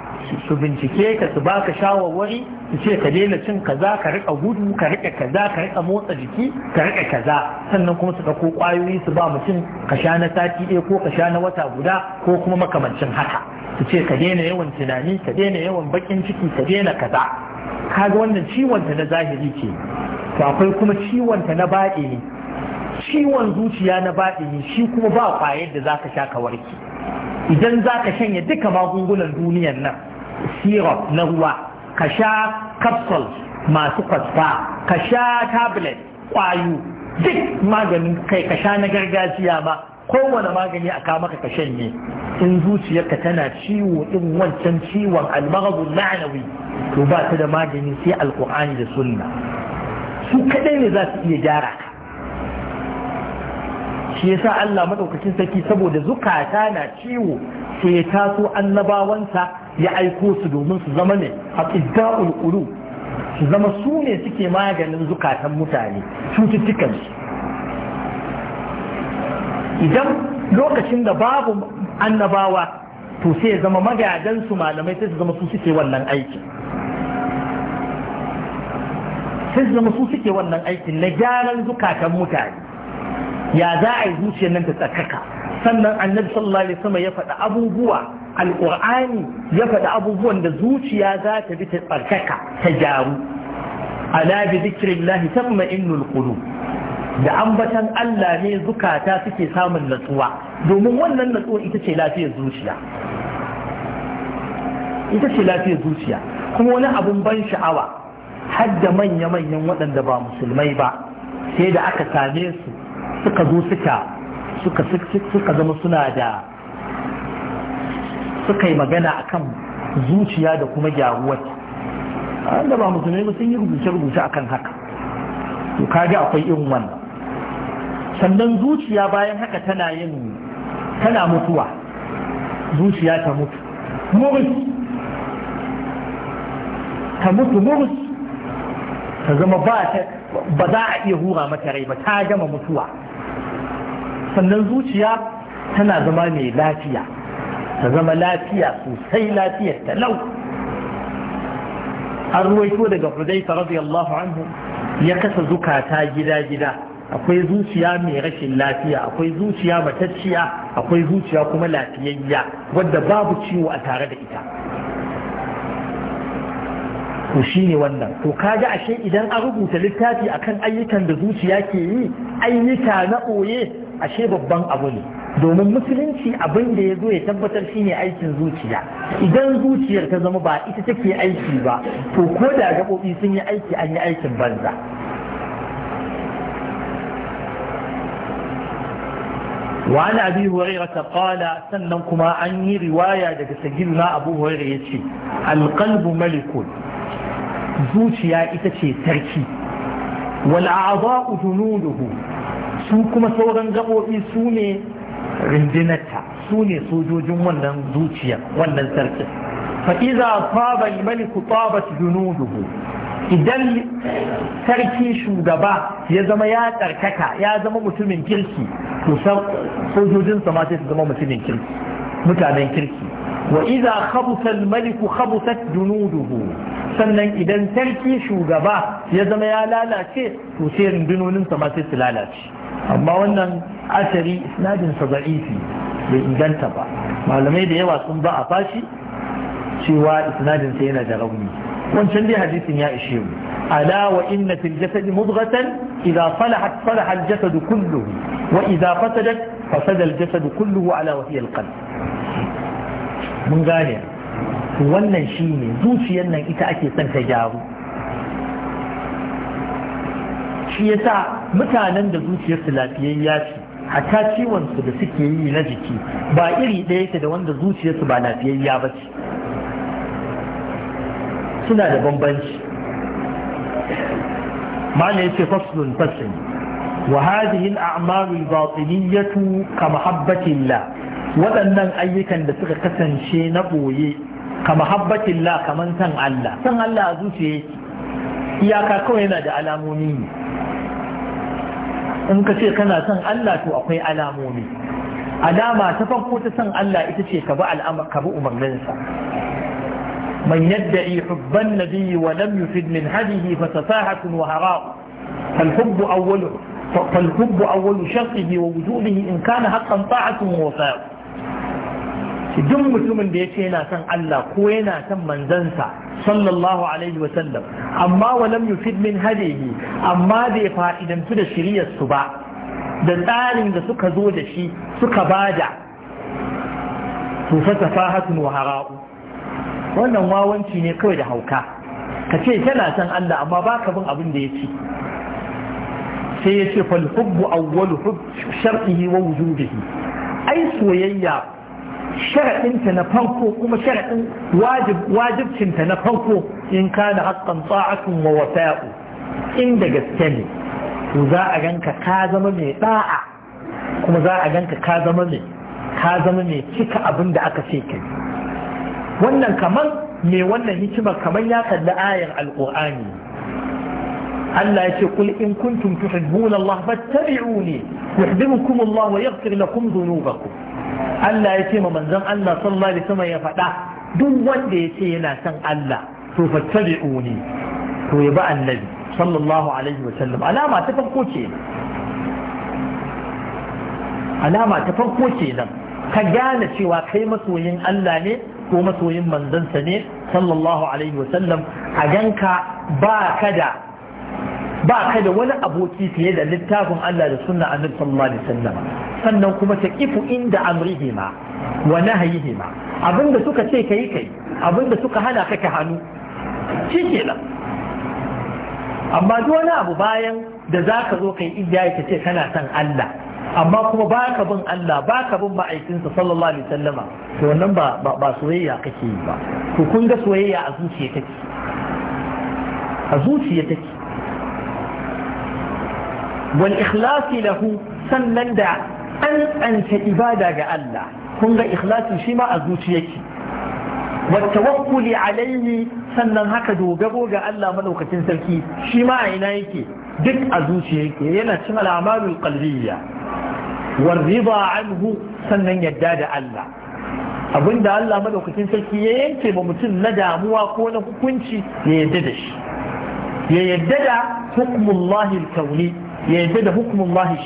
su bincike ka su ba ka shawarwari su ce ka daina cin kaza ka rika gudu ka rika kaza ka rika motsa jiki ka rika kaza sannan kuma su ko kwayoyi su ba mutum ka sha na sati ɗaya ko ka sha na wata guda ko kuma makamancin haka su ce ka daina yawan tunani ka daina yawan bakin ciki ka daina kaza kaga wannan ta na zahiri ce to akwai kuma ta na baɗi ne ciwon zuciya na baɗi ne shi kuma ba kwayar da za ka sha ka warke idan za ka shanye duka magungunan duniyan nan syrup na ruwa ka sha capsules masu kwasfa ka sha tablet kwayo duk maganin kai ka sha na gargajiya ba kowane magani a kama ka ne. in zuciyarka tana ciwo din wancan ciwon almarabu ma'anawi to ba ta da magani sai alkur'ani da sunna su kadai ne za su iya gyara ka shi yasa Allah madaukakin sarki saboda zukata na ciwo sai ya taso annabawansa ya aiko su domin su zama ne a ƙidda'ul ƙulu su zama su ne suke maganin zukatan mutane cututtukan su idan lokacin da babu annabawa to sai ya zama magadan su malamai sai su zama su suke wannan aiki sai su zama su suke wannan aikin na gyaran zukatan mutane ya za a yi zuciyar nan ta tsakaka sannan annabi sallallahu alaihi wasallam ya faɗi abubuwa alƙur'ani ya faɗi abubuwan da zuciya za ta bi ta tsarkaka ta jaru ala bi zikrillahi tatma'innul qulub da ambatan Allah ne zukata suke samun natsuwa domin wannan natsuwa ita ce lafiyar zuciya ita ce lafiyar zuciya kuma wani abun ban sha'awa har da manya-manyan waɗanda ba musulmai ba sai da aka same su suka zo suka suka suka zama suna da suka yi magana akan zuciya da kuma gyaruwar da ba musulmai ba sun yi rubuce-rubuce akan haka to kaga akwai irin wannan sannan zuciya bayan haka tana yin tana mutuwa zuciya ta mutu murus ta mutu murus ta zama ba za a iya hura mata rai ba ta gama mutuwa sannan zuciya tana zama mai lafiya ta zama lafiya sosai lafiyar ta lau an ruwaito daga hudaifa radiyallahu anhu ya kasa zukata gida-gida akwai zuciya mai rashin lafiya akwai zuciya matacciya akwai zuciya kuma lafiyayya wadda babu ciwo a tare da ita shi shine wannan to kaga ashe idan an rubuta littafi akan ayyukan da zuciya ke yi ayyuka na ɓoye ashe babban abu ne domin musulunci abin da ya zo ya tabbatar shine aikin zuciya idan zuciyar ta zama ba ita take aiki ba to ko da gaɓoɓi sun yi aiki an yi aikin banza وعن أبي هريرة قال سننكما عني رواية لك سجلنا أبو هريرة يتشي القلب ملك زوجيا إتشي تركي والأعضاء جنوده su kuma sauran gaɓoɓi su ne rindinarta su ne sojojin wannan zuciya wannan sarkin fa'iza taba maliku taba junuduhu idan sarki shugaba ya zama ya tsarkaka ya zama mutumin kirki to sojojinsa ma sai su zama mutumin kirki mutanen kirki wa iza khabusa maliku khabusat junuduhu sannan idan sarki shugaba ya zama ya lalace to sai rundunoninsa ma sai su lalace amma wannan asari isnadinsa za'ifi bai inganta ba malamai da yawa sun ba a fashi cewa isnadinsa yana da rauni wancan dai hadisin ya ishe mu ala wa inna fil jasadi mudghatan idza salahat salaha al jasadu kulluhu wa idza fasadat fasada al jasadu kulluhu ala wa hiya al qalb mun gane wannan shine zuciyar nan ita ake son ta gyaru shi yasa mutanen da zuciyarsu lafiyayya ce hatta ciwon su da suke yi na jiki ba iri ɗaya yake da wanda zuciyarsu ba lafiyayya ba ce suna da bambanci ma'ana yace faslun faslun wa hadhihi al-a'malu al-batiniyatu ka mahabbatillah waɗannan ayyukan da suka kasance na boye ka mahabbatillah kaman san Allah san Allah a zuciya iyaka kawai yana da alamomi ne in ka ce kana son Allah to akwai alamomi alama ta farko ta son Allah ita ce ka bi al'amar ka bi umarninsa man yadda'i hubban nabiyyi wa lam yufid min hadihi fa safahatun wa hara'u fal hubb awwalu fal hubb awwalu shartihi wa wujubihi in kana haqqan ta'atun wa wafa'u duk mutumin da ya ce yana son Allah ko yana son manzansa sallallahu alaihi wa sallam amma walam yufid min hadihi amma bai fa'idantu da shiriyar su ba da tsarin da suka zo da shi suka bada to fa tafahatun wa hara'u wannan wawanci ne kawai da hauka ka ce kana son Allah amma baka bin abin da ya ci. sai ya ce fal hubbu awwalu hubb shar'ihi wa wujudihi ai soyayya sharaɗinta na farko kuma sharaɗin wajibcinta na farko in kana haƙƙan tsa'atun wa wasa'u inda gaske ne to za a ganka ka zama mai ɗa'a kuma za a ganka ka zama mai ka zama mai cika abin da aka ce kai wannan kamar mai wannan hikimar kamar ya kalli ayar alƙur'ani Allah ya ce kul in kuntum tuhibbuna Allah fattabi'uni yuhibbukum Allah wa yaghfir lakum dhunubakum Allah ya ce ma manzon Allah sallallahu alaihi wasallam ya faɗa duk wanda ya ce yana son Allah to fattabi'uni to ya ba annabi sallallahu alaihi wasallam alama ta farko ce alama ta farko ce nan ka gane cewa kai masoyin Allah ne ko masoyin manzansa ne sallallahu alaihi wasallam a ganka ba ka da ba ka da wani aboki fiye da littafin Allah da sunna annabi sallallahu alaihi wasallam sannan kuma ta kifu inda amrihima wa nahyihima abinda suka ce kai kai abinda suka hana ka ka hannu shi kenan amma duk wani abu bayan da za ka zo kai iyaye ka ce kana son Allah amma kuma ba ka bin Allah ba ka bin ma'aikinsa sallallahu alaihi sallama to wannan ba ba soyayya kake yi ba to kun ga soyayya a zuciya take a zuciya take wal ikhlasi lahu sannan da an tsanta ibada ga Allah kun ga ikhlasi shi ma a zuci yake wat alayhi sannan haka dogaro ga Allah madaukakin sarki shi ma a ina yake duk a zuci yana cin al'amalul qalbiyya war rida anhu sannan yadda da Allah abinda Allah madaukakin sarki ya yanke ba mutum na damuwa ko na hukunci ya yadda da shi ya yadda da hukmullahi kauni ya da hukumin lahi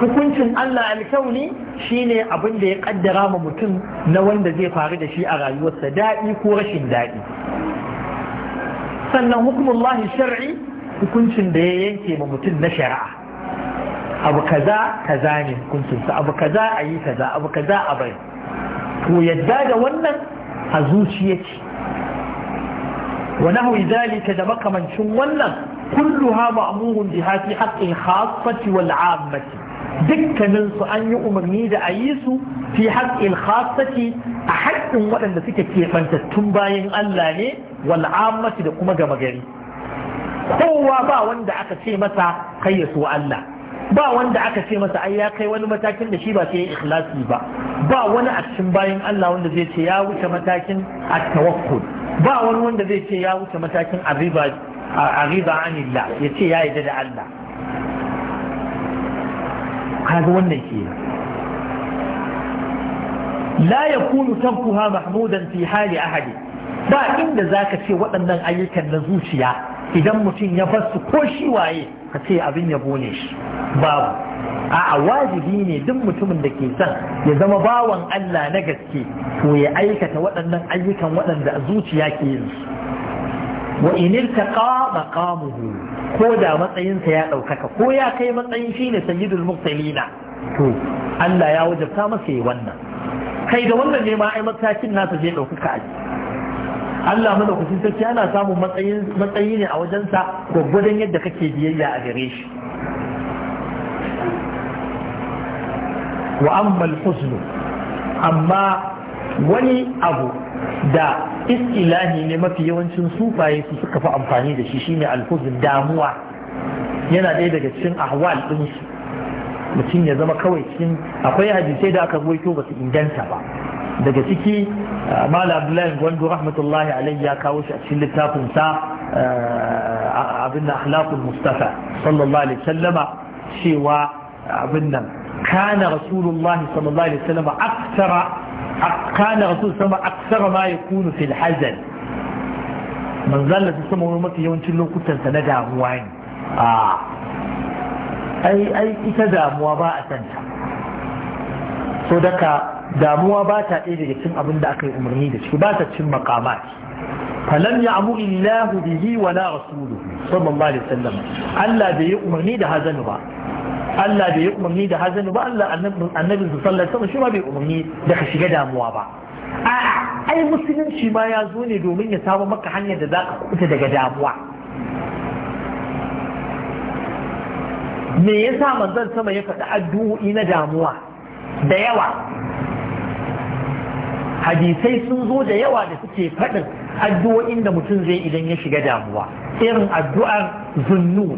hukuncin Allah alkauni shine abin da ya kaddara ma mutum na wanda zai faru da shi a rayuwarsa daɗi ko rashin daɗi sannan hukumin lahi shar'i hukuncin da ya yanke ma mutum na shari'a abu kaza kaza ne hukuncinsa abu kaza a yi kaza abu kaza a bai to yadda da wannan a zuciya ce wa nahu zalika da makamancin wannan kulluha ma'murun biha fi haqqil khassati wal anyi umarni da a su fi haqqil khassati a haƙƙin waɗanda suke keɓantattun bayan Allah ne wal da kuma gama gari kowa ba wanda aka ce masa kai ya Allah ba wanda aka ce masa ai ya kai wani matakin da shi ba sai ikhlasi ba ba wani a cikin bayan Allah wanda zai ce ya wuce matakin at-tawakkul ba wani wanda zai ce ya wuce matakin arriba a riba anillah ya ce ya yi da Allah kaga wannan ke la ya kunu mahmudan fi hali ahadi ba inda za ka ce waɗannan ayyukan na zuciya idan mutum ya bar ko shi waye ka ce abin ya bone shi babu a wajibi ne duk mutumin da ke son ya zama bawan Allah na gaske to ya aikata waɗannan ayyukan waɗanda zuciya ke yin su wa inil taqa maqamuhu ko da matsayinsa ya ɗaukaka ko ya kai matsayin shi ne sayyidul to Allah ya wajabta masa yi wannan kai da wannan ne ma ai matakin nasa zai ɗaukaka a Allah madaukakin sarki yana samun matsayin matsayi ne a wajensa gwaggwadon yadda kake biyayya a gare shi wa amma amma wani abu da istilahi ne mafi yawancin sufaye su suka fi amfani da shi shine alhuzun damuwa yana ɗaya daga cikin ahwal ɗin su mutum ya zama kawai cikin akwai hadisai da aka goyito ba su inganta ba daga ciki ah, mala abdullahi gwandu rahmatullahi alayhi ya kawo shi a cikin littafin sa ah, abin da akhlaqul mustafa sallallahu alaihi wasallama cewa abin nan kana rasulullahi sallallahu alaihi wasallama aktara kana rasul sama aksara ما يكون في الحزن من ظل تسمى ومكي يونتي لو كنت سندع موعين آه أي أي إتدع مواباء تنسى صدق damuwa ba ta ɗaya daga cin abin da aka yi umarni da shi ba ta cin makamati falam ya amu illahu bihi wa rasuluhu sallallahu alaihi wasallam Allah bai yi umarni da hazanu ba Allah bai yi umarni da hazanu ba Allah annabin su sallar sama shi ma bai umarni da ka shiga damuwa ba a'a ai musulunci ma ya zo ne domin ya samu maka hanyar da za ka kuta daga damuwa me ya sa manzan sama ya faɗi addu'o'i na damuwa da yawa hadisai sun zo da yawa da suke faɗin addu'o'in da mutum zai idan ya shiga damuwa irin addu'ar zunnu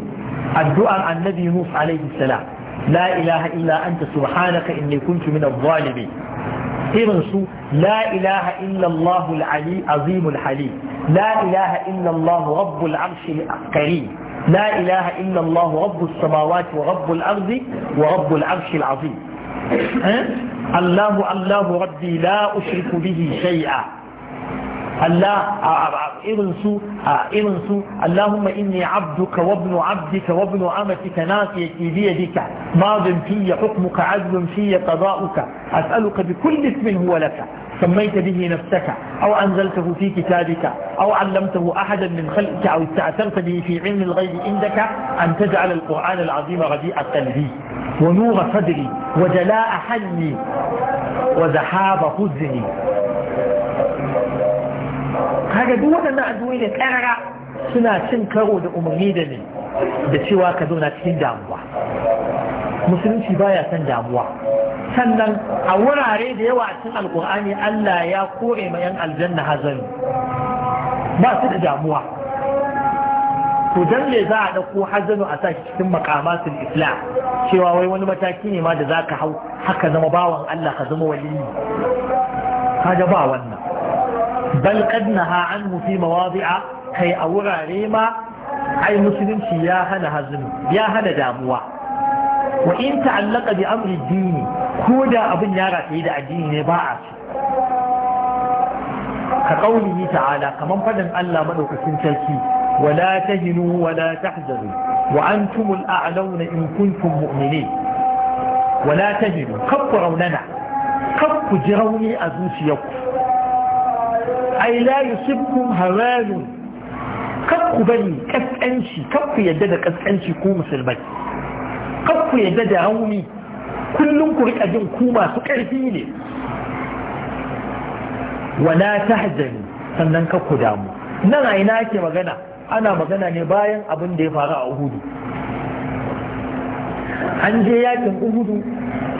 addu'ar annabi Musa alaihi salam لا إله إلا أنت سبحانك إني كنت من الظالمين إرسوا لا إله إلا الله العلي عظيم الحليم لا إله إلا الله رب العرش الكريم لا إله إلا الله رب السماوات ورب الأرض ورب العرش العظيم أه؟ الله الله ربي لا أشرك به شيئا الله آه، ارنسوا آه، آه، ارنسوا اللهم اني عبدك وابن عبدك وابن عمتك ناسيتي بيدك ماض في حكمك عدل في قضاؤك اسالك بكل اسم هو لك سميت به نفسك او انزلته في كتابك او علمته احدا من خلقك او استعثرت به في علم الغيب عندك ان تجعل القران العظيم رديء قلبي ونور صدري وجلاء حلمي وذهاب حزني kaga duk waɗannan addu'o'i ne ƙarara. suna cin karo da umarni da ne da cewa ka zauna cikin damuwa musulunci baya son damuwa sannan a wurare da yawa a cikin alkur'ani Allah ya kore ma yan aljanna hazari ba su da damuwa to dan me za a dauko hazanu a sashi cikin makamatul islam cewa wai wani mataki ne ma da za ka hau haka zama bawan Allah ka zama waliyi ba wannan بل قد نهى عنه في مواضع كي أورى ريما أي مسلم في يا هلا هزم يا هلا داموة وإن تعلق بأمر الدين كودا أبن يارا تيدا الدين نباعش كقوله تعالى كما فدن ألا منوك سنتلكي ولا تهنوا ولا تحزنوا وأنتم الأعلون إن كنتم مؤمنين ولا تهنوا كفروا لنا كف جروني أزوس ai layu yusibkum hawanun kar bari kaskanci kar yadda da kaskanci ku musulmai kakku ku yadda da rauni kullum ku rika jin ku masu karfi ne wala tahzani sannan kaku damu nan a ina ake magana ana magana ne bayan abin da ya faru a uhudu an je yakin uhudu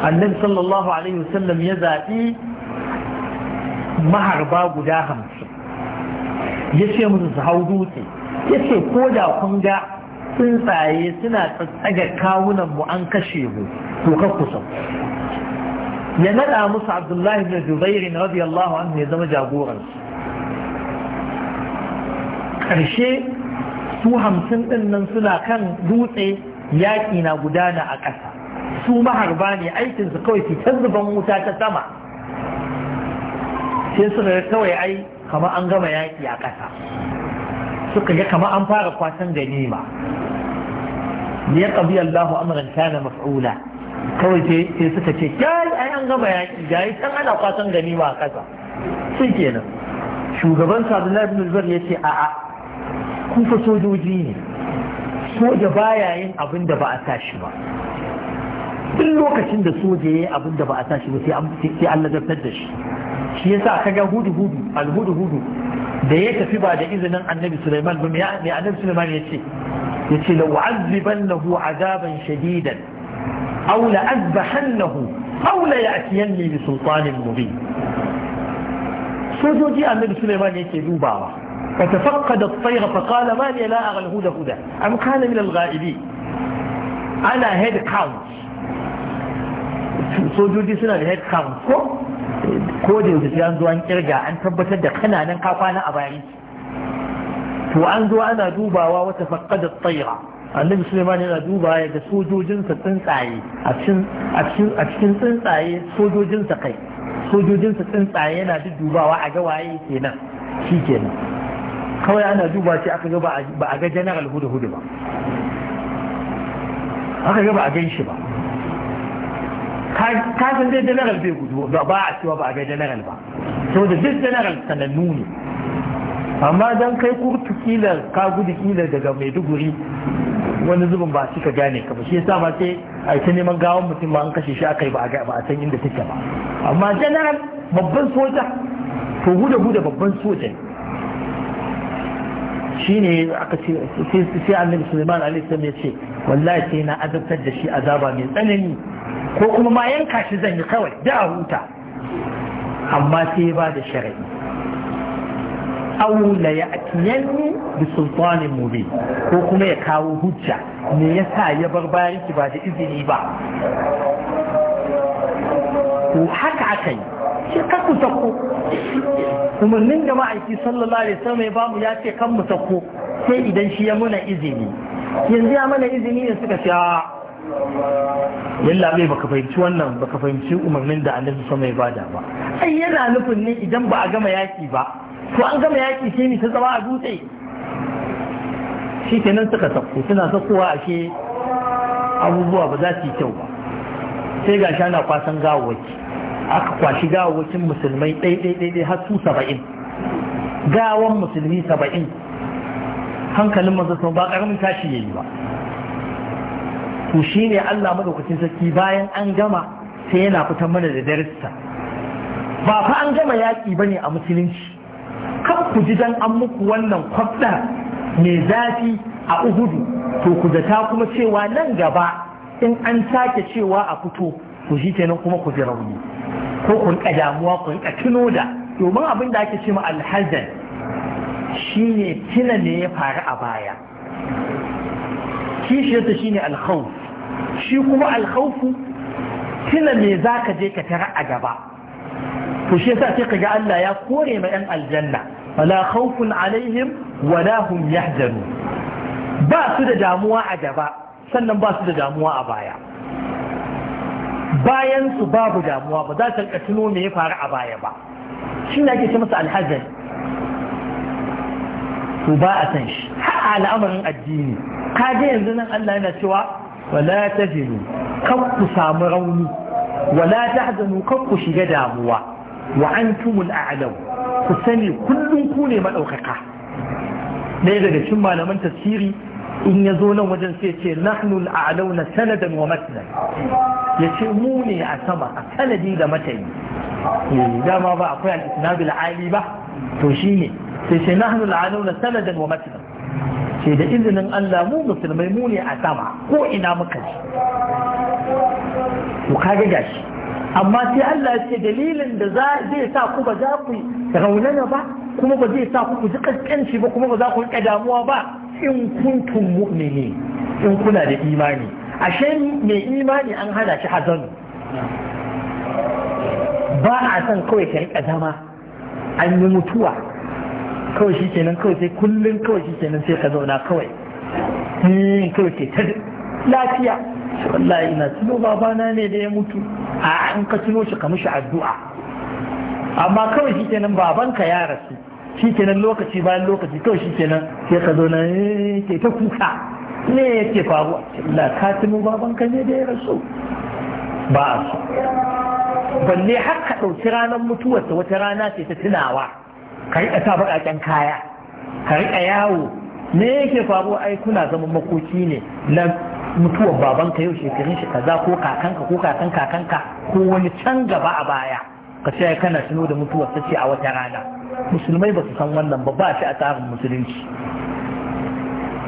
annabi sallallahu alaihi wasallam ya zaɓi maharba guda hamsin ya ce musu su hau dutse ya ce ko da kun ga tsuntsaye suna tsatsaga kawunan mu an kashe mu to ka kusa ya naɗa musu abdullahi na rabi radiyallahu anhu ya zama jagoransu Karshe su hamsin ɗinnan nan suna kan dutse yaƙi na gudana a ƙasa su maharba ne aikinsu kawai su ta zuban wuta ta sama sai suka ga kawai ai kamar an gama yaƙi a ƙasa suka ga kamar an fara kwatan ganima ya ƙabi Allahu amran kana maf'ula kawai sai suka ce kai ai an gama yaƙi gayi can ana kwatan ganima a ƙasa shi kenan shugaban Abdullahi bin Zubair ya ce a'a kun fa sojoji ne soja baya yin abin da ba a tashi ba duk lokacin da soja ya yi abin da ba a tashi ba sai an sai Allah zartar da shi shi yasa ga hudu-hudu alhudu-hudu da ya tafi ba da izinin annabi Sulaiman ba mai annabi Sulaiman ya ce ya ce la wa'azziban wa'azzibannahu azaban shadidan aw la azbahannahu aw la ya'tiyanni bi sultanin mubin sojoji annabi Sulaiman yake dubawa فتفقد الطير فقال ما لي لا أرى الهدى هدى أم كان من الغائبين أنا هيد كاونت sojoji suna da head count ko ko da yaushe an an kirga an tabbatar da kana nan ka kwana a bayan to an zo ana dubawa wata faqqada tsaira annabi suleiman yana duba ya ga sojojinsa tsuntsaye a cikin tsuntsaye sojojinsa kai sojojinsa tsuntsaye yana dubawa a ga waye kenan shi kenan kawai ana duba shi aka ga ba a ga general hudu hudu ba aka ga ba a gan shi ba ka san dai general bai gudu ba a cewa ba a bai general ba da duk general sanannu ne amma don kai kurtu kila ka gudu kila daga maiduguri wani zubin ba suka gane ka ba shi yasa ba sai a ta neman gawan mutum ba an kashe shi aka yi ba a san inda take ba amma general babban soja to huda-huda babban soja ne shi ne aka ce sai annabi suleiman alaihi ya ce wallahi sai na azabtar da shi azaba mai tsanani ko kuma ma yanka shi zan yi kawai da a huta amma sai ba da shari'i aw la ya'tiyanni bi sultanin mubin ko kuma ya kawo hujja me yasa ya bar bayan ki ba da izini ba Ko haka aka yi shi kan ku tako. umarnin da ma'aiki sallallahu alaihi wasallam ya bamu ya ce kan mu tako, sai idan shi ya muna izini yanzu ya mana izini ne suka ce yalla mai baka fahimci wannan baka fahimci umarnin da annabi sama mai bada ba ai yana nufin ne idan ba a gama yaki ba to an gama yaki sai ni ta zama a dutse shi kenan suka sauko suna a ashe abubuwa ba za su yi kyau ba sai ga shana kwasan gawawaki aka kwashi gawawakin musulmai ɗaiɗaiɗaiɗai har su saba'in gawan musulmi saba'in hankalin masu sun ba ƙaramin tashi yayi ba to shine Allah madaukakin sarki bayan an gama sai yana fita mana da darissa ba fa an gama yaƙi ne a musulunci kan ku ji dan an muku wannan kwabda mai zafi a uhudu to ku zata kuma cewa nan gaba in an sake cewa a fito ku shi kenan kuma ku ji rauni ko ku rika damuwa ku rika tuno da domin abin da ake cewa alhazan shine tuna ne ya faru a baya kishiyarsa shine alkhawf shi kuma alkhawfu tuna me zaka je ka tara a gaba to shi yasa sai ga Allah ya kore ma yan aljanna wala khawfun alaihim wala hum yahzanun ba su da damuwa a gaba sannan ba su da damuwa a baya bayan su babu damuwa ba za su rika tuno me ya faru a baya ba shi ne ake ce masa alhazan to ba a san shi har al'amarin addini ka ga yanzu nan Allah yana cewa wala tajidu kan ku samu rauni wala tahzanu kan ku shiga damuwa wa antumul a'law ku sani kullum ku ne madaukaka ɗaya daga cikin malaman tafsiri in ya zo nan wajen sai ce nahnu na sanadan wa matnan ya ce mu ne a sama a sanadi da matayi dama ba akwai al-isnadul ali ba to shi ne, sai ce nahnu na sanadan wa matnan ce da izinin Allah mu musulmai mu ne a sama ko ina muka ji? ku kage gashi amma sai Allah ce dalilin da za zai sa ku ba za ku raunana ba kuma ba zai sa ku ku ji kaskanci ba kuma ba za ku rika damuwa ba in kuntum mu'mini in kuna da imani ashe mai imani an hada shi hazanu ba a son kawai ka rika zama an yi mutuwa kawai shi kenan kawai sai kullum kawai shi kenan sai ka zauna kawai kawai ke ta lafiya wallahi ina tuno babana ne da ya mutu a an ka tuno shi ka mishi addu'a amma kawai shi kenan babanka ya rasu shi kenan lokaci bayan lokaci kawai shi kenan sai ka zauna eh, ke ta kuka ne yake faruwa Allah ka tuno babanka ne da ya rasu ba a so balle har ka ɗauki ranar mutuwarsa wata rana ce ta tunawa ka riƙa sa baƙaƙen kaya ka riƙa yawo me yake faruwa ai kuna zaman makoki ne na mutuwar babanka yau shekarun shi kaza ko kakanka ko kakan kakanka ko wani can gaba a baya ka ce kana tuno da mutuwar ta ce a wata rana musulmai ba su san wannan ba ba shi a tsarin musulunci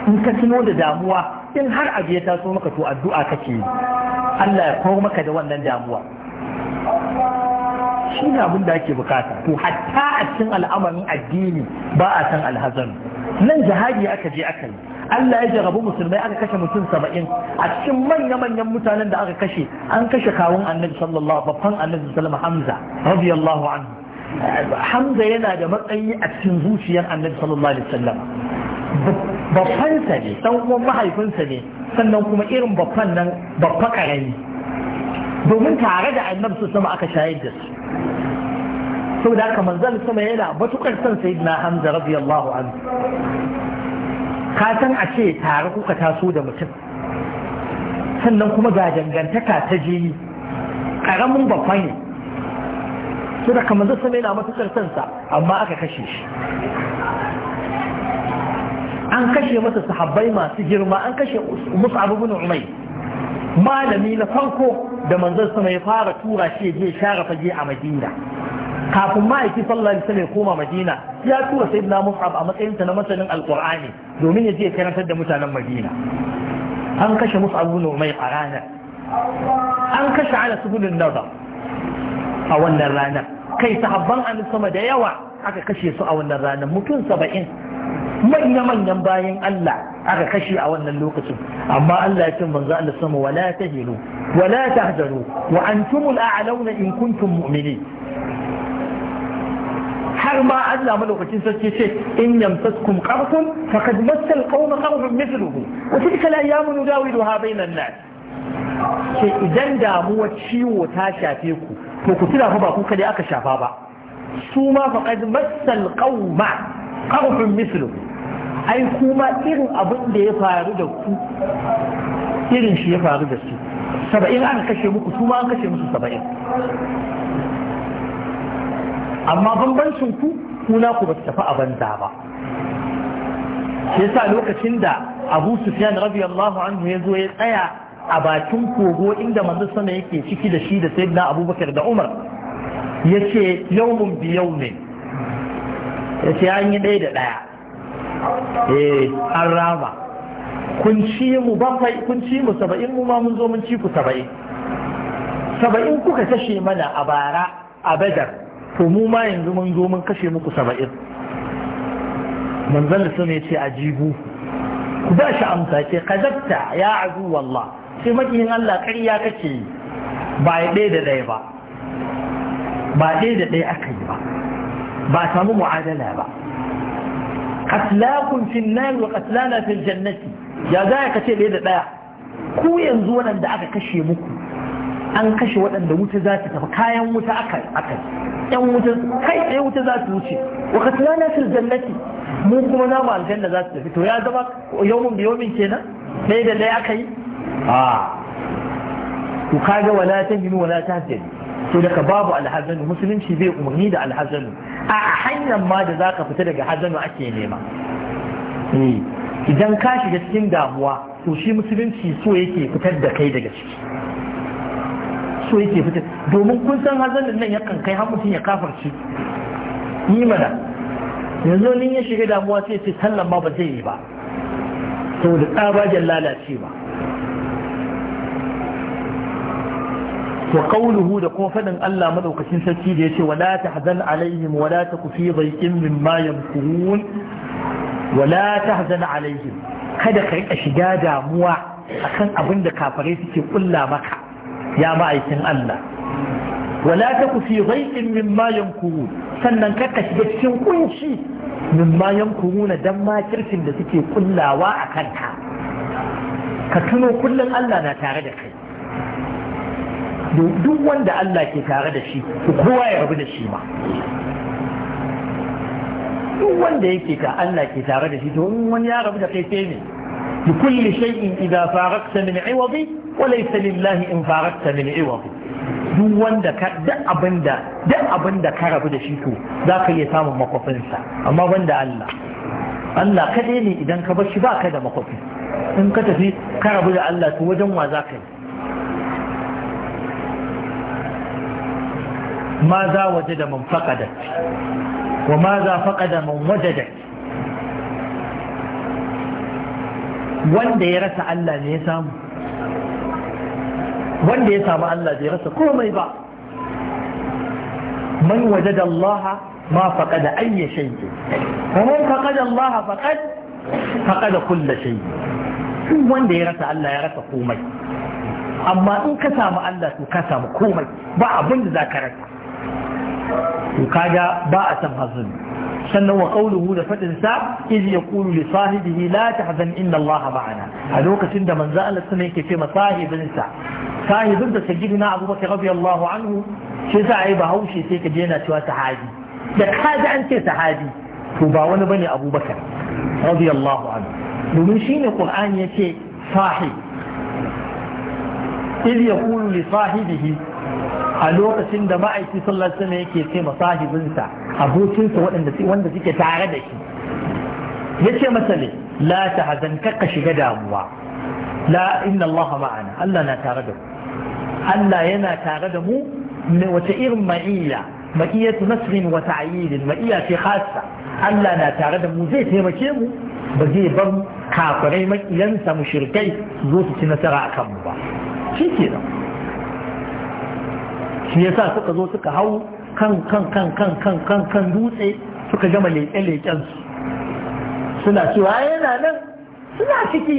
in ka tuno da damuwa in har abu ya taso maka to addu'a kake yi Allah ya kawo maka da wannan damuwa shi ne abin da ake bukata to hatta a cikin al'amarin addini ba a san alhazan nan jihadi aka je aka yi Allah ya jarabu musulmai aka kashe mutum saba'in a cikin manya-manyan mutanen da aka kashe an kashe kawun annabi sallallahu babban annabi sallallahu hamza radiyallahu anhu hamza yana da matsayi a cikin zuciyar annabi sallallahu alaihi wasallam ne dan kuma mahaifinsa ne sannan kuma irin babban nan babba karami domin tare da annabi su sama aka shayar da su sau da haka manzon sama yana matukar son na hamza radiyallahu anhu ka san a ce tare kuka taso da mutum sannan kuma ga dangantaka ta jini karamin babba ne su da kamar zai sama yana matukar sansa amma aka kashe shi an kashe masa sahabbai masu girma an kashe musu abubuwan umai malami na farko da manzon sama ya fara tura shi je share fage a madina kafin ma'aiki sallallahu alaihi wasallam ya koma madina ya tura sayyidina mus'ab a matsayinsa na masanin alkur'ani domin ya je karantar da mutanen madina an kashe mus'ab ibn umayr a ranar an kashe ala subulun nazar a wannan ranar kai sahabban annabi sama da yawa aka kashe su a wannan ranar mutum saba'in manya-manyan bayan Allah aka kashe a wannan lokacin amma Allah ya ce manzo Allah sama wala tahinu wala tahzanu wa antumul a'launa in kuntum mu'minin har ma Allah malaukakin sarki ce in yamsaskum qarfun faqad massal qawma qarfun mithluhu wa tilka al-ayyamu nudawiluha bainan nas sai idan damuwa ciwo ta shafe ku to ku tuna fa ba ku kada aka shafa ba su ma faqad massal qawma ƙarfin mislu ai kuma irin abin da ya faru da ku irin shi ya faru da su saba'in aka kashe muku su ma an kashe musu saba'in amma bambancin ku kuna ku ba tafi a banza ba shi sa lokacin da abu sufyan radiyallahu anhu ya zo ya tsaya a bakin kogo inda manzo sana yake ciki da shi da sayyidina abubakar da umar yace yawmun bi yawmin ya ce an yi ɗaya da ɗaya eh an rama kun ci mu bakwai kun ci mu saba'in mu ma mun zo mun ci ku saba'in saba'in kuka kashe mana a bara a badar to mu ma yanzu mun zo mun kashe muku saba'in manzon da ne ce a jibu ku ba shi amsa ce kazabta ya azu wallah sai makiyin Allah ƙarya kake ba ɗaya da ɗaya ba ba ɗaya da ɗaya aka yi ba ba samu mu'adala ba qatlaqun fil nar wa qatlana fil jannati ya za ka ce da daya ku yanzu wanda aka kashe muku an kashe waɗanda wuta za ta tafi kayan wuta aka aka yan wuta kai tsaye wuta za ta wuce wa qatlana fil jannati mu kuma na namu aljanna za su tafi to ya zama yawmin bi yawmin kenan dai da dai aka yi a ah. ku kaga wala tahinu wala tahzanu to daga babu alhazanu musulunci bai umarni da alhazanu a hanyar ma da za ka fita daga hazanu ake nema eh, idan ka shiga cikin damuwa to shi musulunci so yake fitar da kai daga ciki so yake fitar domin kun san hazanin nan yakan kai har mutum ya kafarci yi mana yanzu ni ya shiga damuwa sai ce sallan ma ba zai yi ba saboda tsabagen lalacewa wa qawluhu da kuma faɗin Allah maɗaukacin sarki da yace wala tahzan alaihim wala taku fi dhayqin mimma yamkurun wala tahzan alaihim kada ka riƙa shiga damuwa kan abin da kafare suke ƙulla maka ya ma'aikin Allah wala taku fi dhayqin mimma yamkurun sannan ka shiga cikin kunci mimma yamkuruna dan makircin da suke ƙullawa a ka ka tuno kullum Allah na tare da kai duk wanda Allah ke tare da shi kowa ya rabu da shi ma duk wanda yake ka Allah ke tare da shi to in wani ya rabu da kai sai ne bi kulli shay'in idza faraqta min 'iwadi wa laysa lillahi in faraqta min 'iwadi duk wanda ka duk abinda duk abinda ka rabu da shi to ka iya samun makofin sa amma banda Allah Allah kadai ne idan ka bar shi baka da makofi in ka tafi ka rabu da Allah to wajen wa za ka yi ma za waje da man faƙadat wa ma za faƙada man wajadat wanda ya rasa Allah ne ya samu wanda ya samu Allah bai rasa komai ba man wajada Allah ma faqada ayya shay wa man faqada Allah faqad faqada kull shay duk wanda ya rasa Allah ya rasa komai amma in ka samu Allah to ka samu komai ba abin da zaka rasa to kaga ba a san hazin sannan wa qawluhu da fadin sa iz yaqulu li sahibihi la tahzan inna Allah ma'ana a lokacin da manzo Allah sunne yake ce masahibin sa sahibin da sayyidina Abu Bakar radiyallahu anhu sai sa ai bahaushe sai ka je cewa sahabi da kaga an ce sahabi to ba wani bane Abu Bakar radiyallahu anhu domin shine Qur'ani yace sahib iz yaqulu li sahibihi a lokacin da ma'aiki sallallahu alaihi yake ce masahibinsa abokinsa waɗanda wanda suke tare da shi yace masa ne la tahzan ka shiga damuwa la inna Allah ma'ana Allah na tare da mu Allah yana tare da mu wace irin ma'iyya ma'iyatu nasrin wa ta'yidin ma'iya ce khassa Allah na tare da mu zai taimake mu ba zai bar kafirai makiyansa mushrikai zo su ci nasara akan mu ba shi shi yasa suka zo suka hau kan kan kan kan kan kan kan dutse suka gama leƙe-leƙen su suna cewa yana nan suna ciki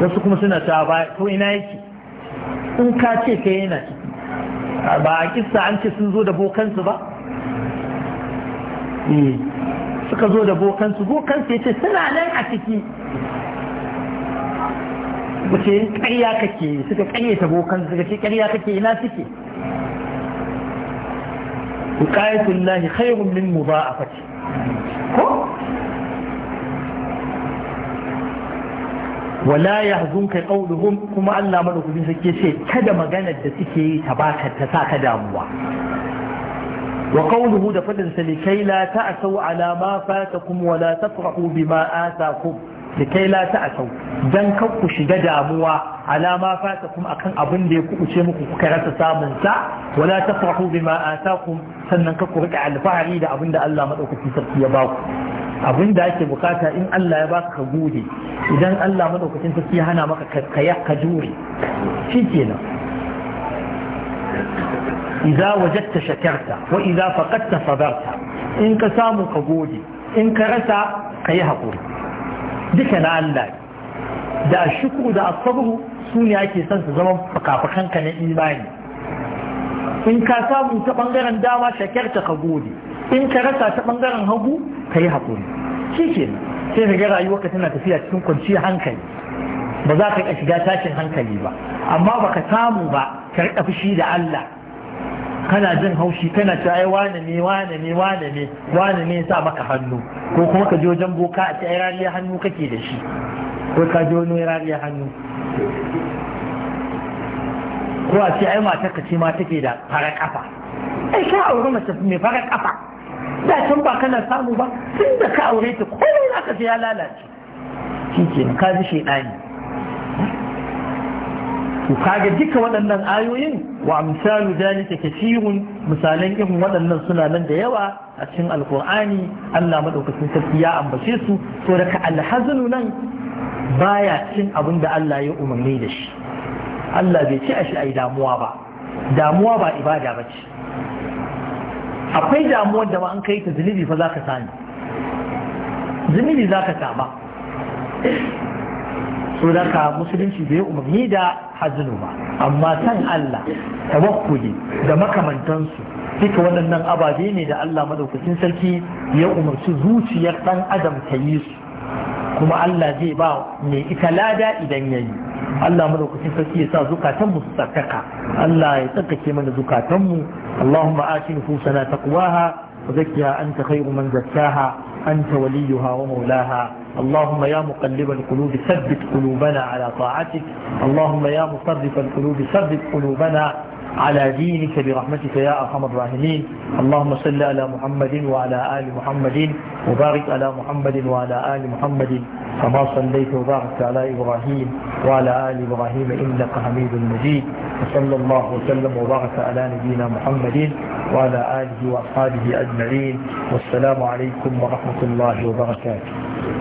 wasu kuma suna cewa ba to ina yake in ka ce kai yana ciki ba a kissa an ce sun zo da bokansu ba eh. suka zo da bokansu bokansu ya ce suna nan a ciki kuce ƙarya kake suka ƙaryata bokan suka ce ƙarya kake ina suke Ku wuƙayatun lahi khairun min mu ba a fati ko wala ya hazun kai ƙaunuhun kuma allah maɗaukudin suke ce kada maganar da suke yi ta baka ta sa ka damuwa Wa da وقوله دفدن سلكي لا تأسوا على ما فاتكم ولا تفرحوا بما آتاكم da kai la ta asau ku shiga damuwa alama fata kuma akan abin da ya kubuce muku kuka rasa samun sa wala tafrahu bima atakum sannan kar ku rika alfahari da abin da Allah madaukaki sarki ya baku abin da ake bukata in Allah ya baka ka gode idan Allah madaukakin sarki ya hana maka ka ka jure kenan. idza wajadta shakarta wa idza faqadta sabarta in ka samu ka gode in ka rasa ka yi haƙuri duka na Allah da shuku da asabru su ne ake son su zama ka na imani in ka samu ta bangaren dama ta ka gode in ka rasa ta bangaren hagu ka yi haƙuri shi ke sai ka ga ka tana tafiya cikin kwanciyar hankali ba za ka shiga tashin hankali ba amma baka samu ba ka riƙa fushi da Allah kana jin haushi kana ta ai wane ne wane ne wane ne wane ne sa maka hannu ko kuma ka je wajen boka a ce ai rariya hannu kake da shi ko ka je wani rariya hannu ko a ce ai mata ka ce ma take da farar kafa ai ka aure mace mai farar kafa da can ba kana samu ba tun da ka aure ta komai zaka ce ya lalace shi ke ka ji shedani to kaga duka waɗannan ayoyin wa amsalu dalika kathirun misalan irin waɗannan suna nan da yawa a cikin alqur'ani Allah madaukakin sarki ya ambace su to daga alhazanu nan baya cin abin da Allah ya umarni da shi Allah bai ci a shi ai damuwa ba damuwa ba ibada ba ce akwai damuwar da ma an kai ta zunubi fa zaka sani zunubi zaka sama so da ka musulunci bai umarni da hazinu ba amma san Allah tawakkuli da makamantansu duka waɗannan ababe ne da Allah madaukakin sarki ya umarci zuciyar ɗan adam ta yi su kuma Allah zai ba mai ita lada idan ya yi Allah madaukakin sarki ya sa zukatanmu su tsarkaka Allah ya tsarkake mana zukatanmu Allahumma ati na taqwaha وزكها أنت خير من زكاها أنت وليها ومولاها اللهم يا مقلب القلوب ثبت قلوبنا على طاعتك اللهم يا مصرف القلوب ثبت قلوبنا على دينك برحمتك يا أرحم الراحمين اللهم صل على محمد وعلى آل محمد وبارك على محمد وعلى آل محمد كما صليت وباركت على إبراهيم وعلى آل إبراهيم إنك حميد مجيد وصلى الله وسلم وبارك على نبينا محمد وعلى آله وأصحابه أجمعين والسلام عليكم ورحمة الله وبركاته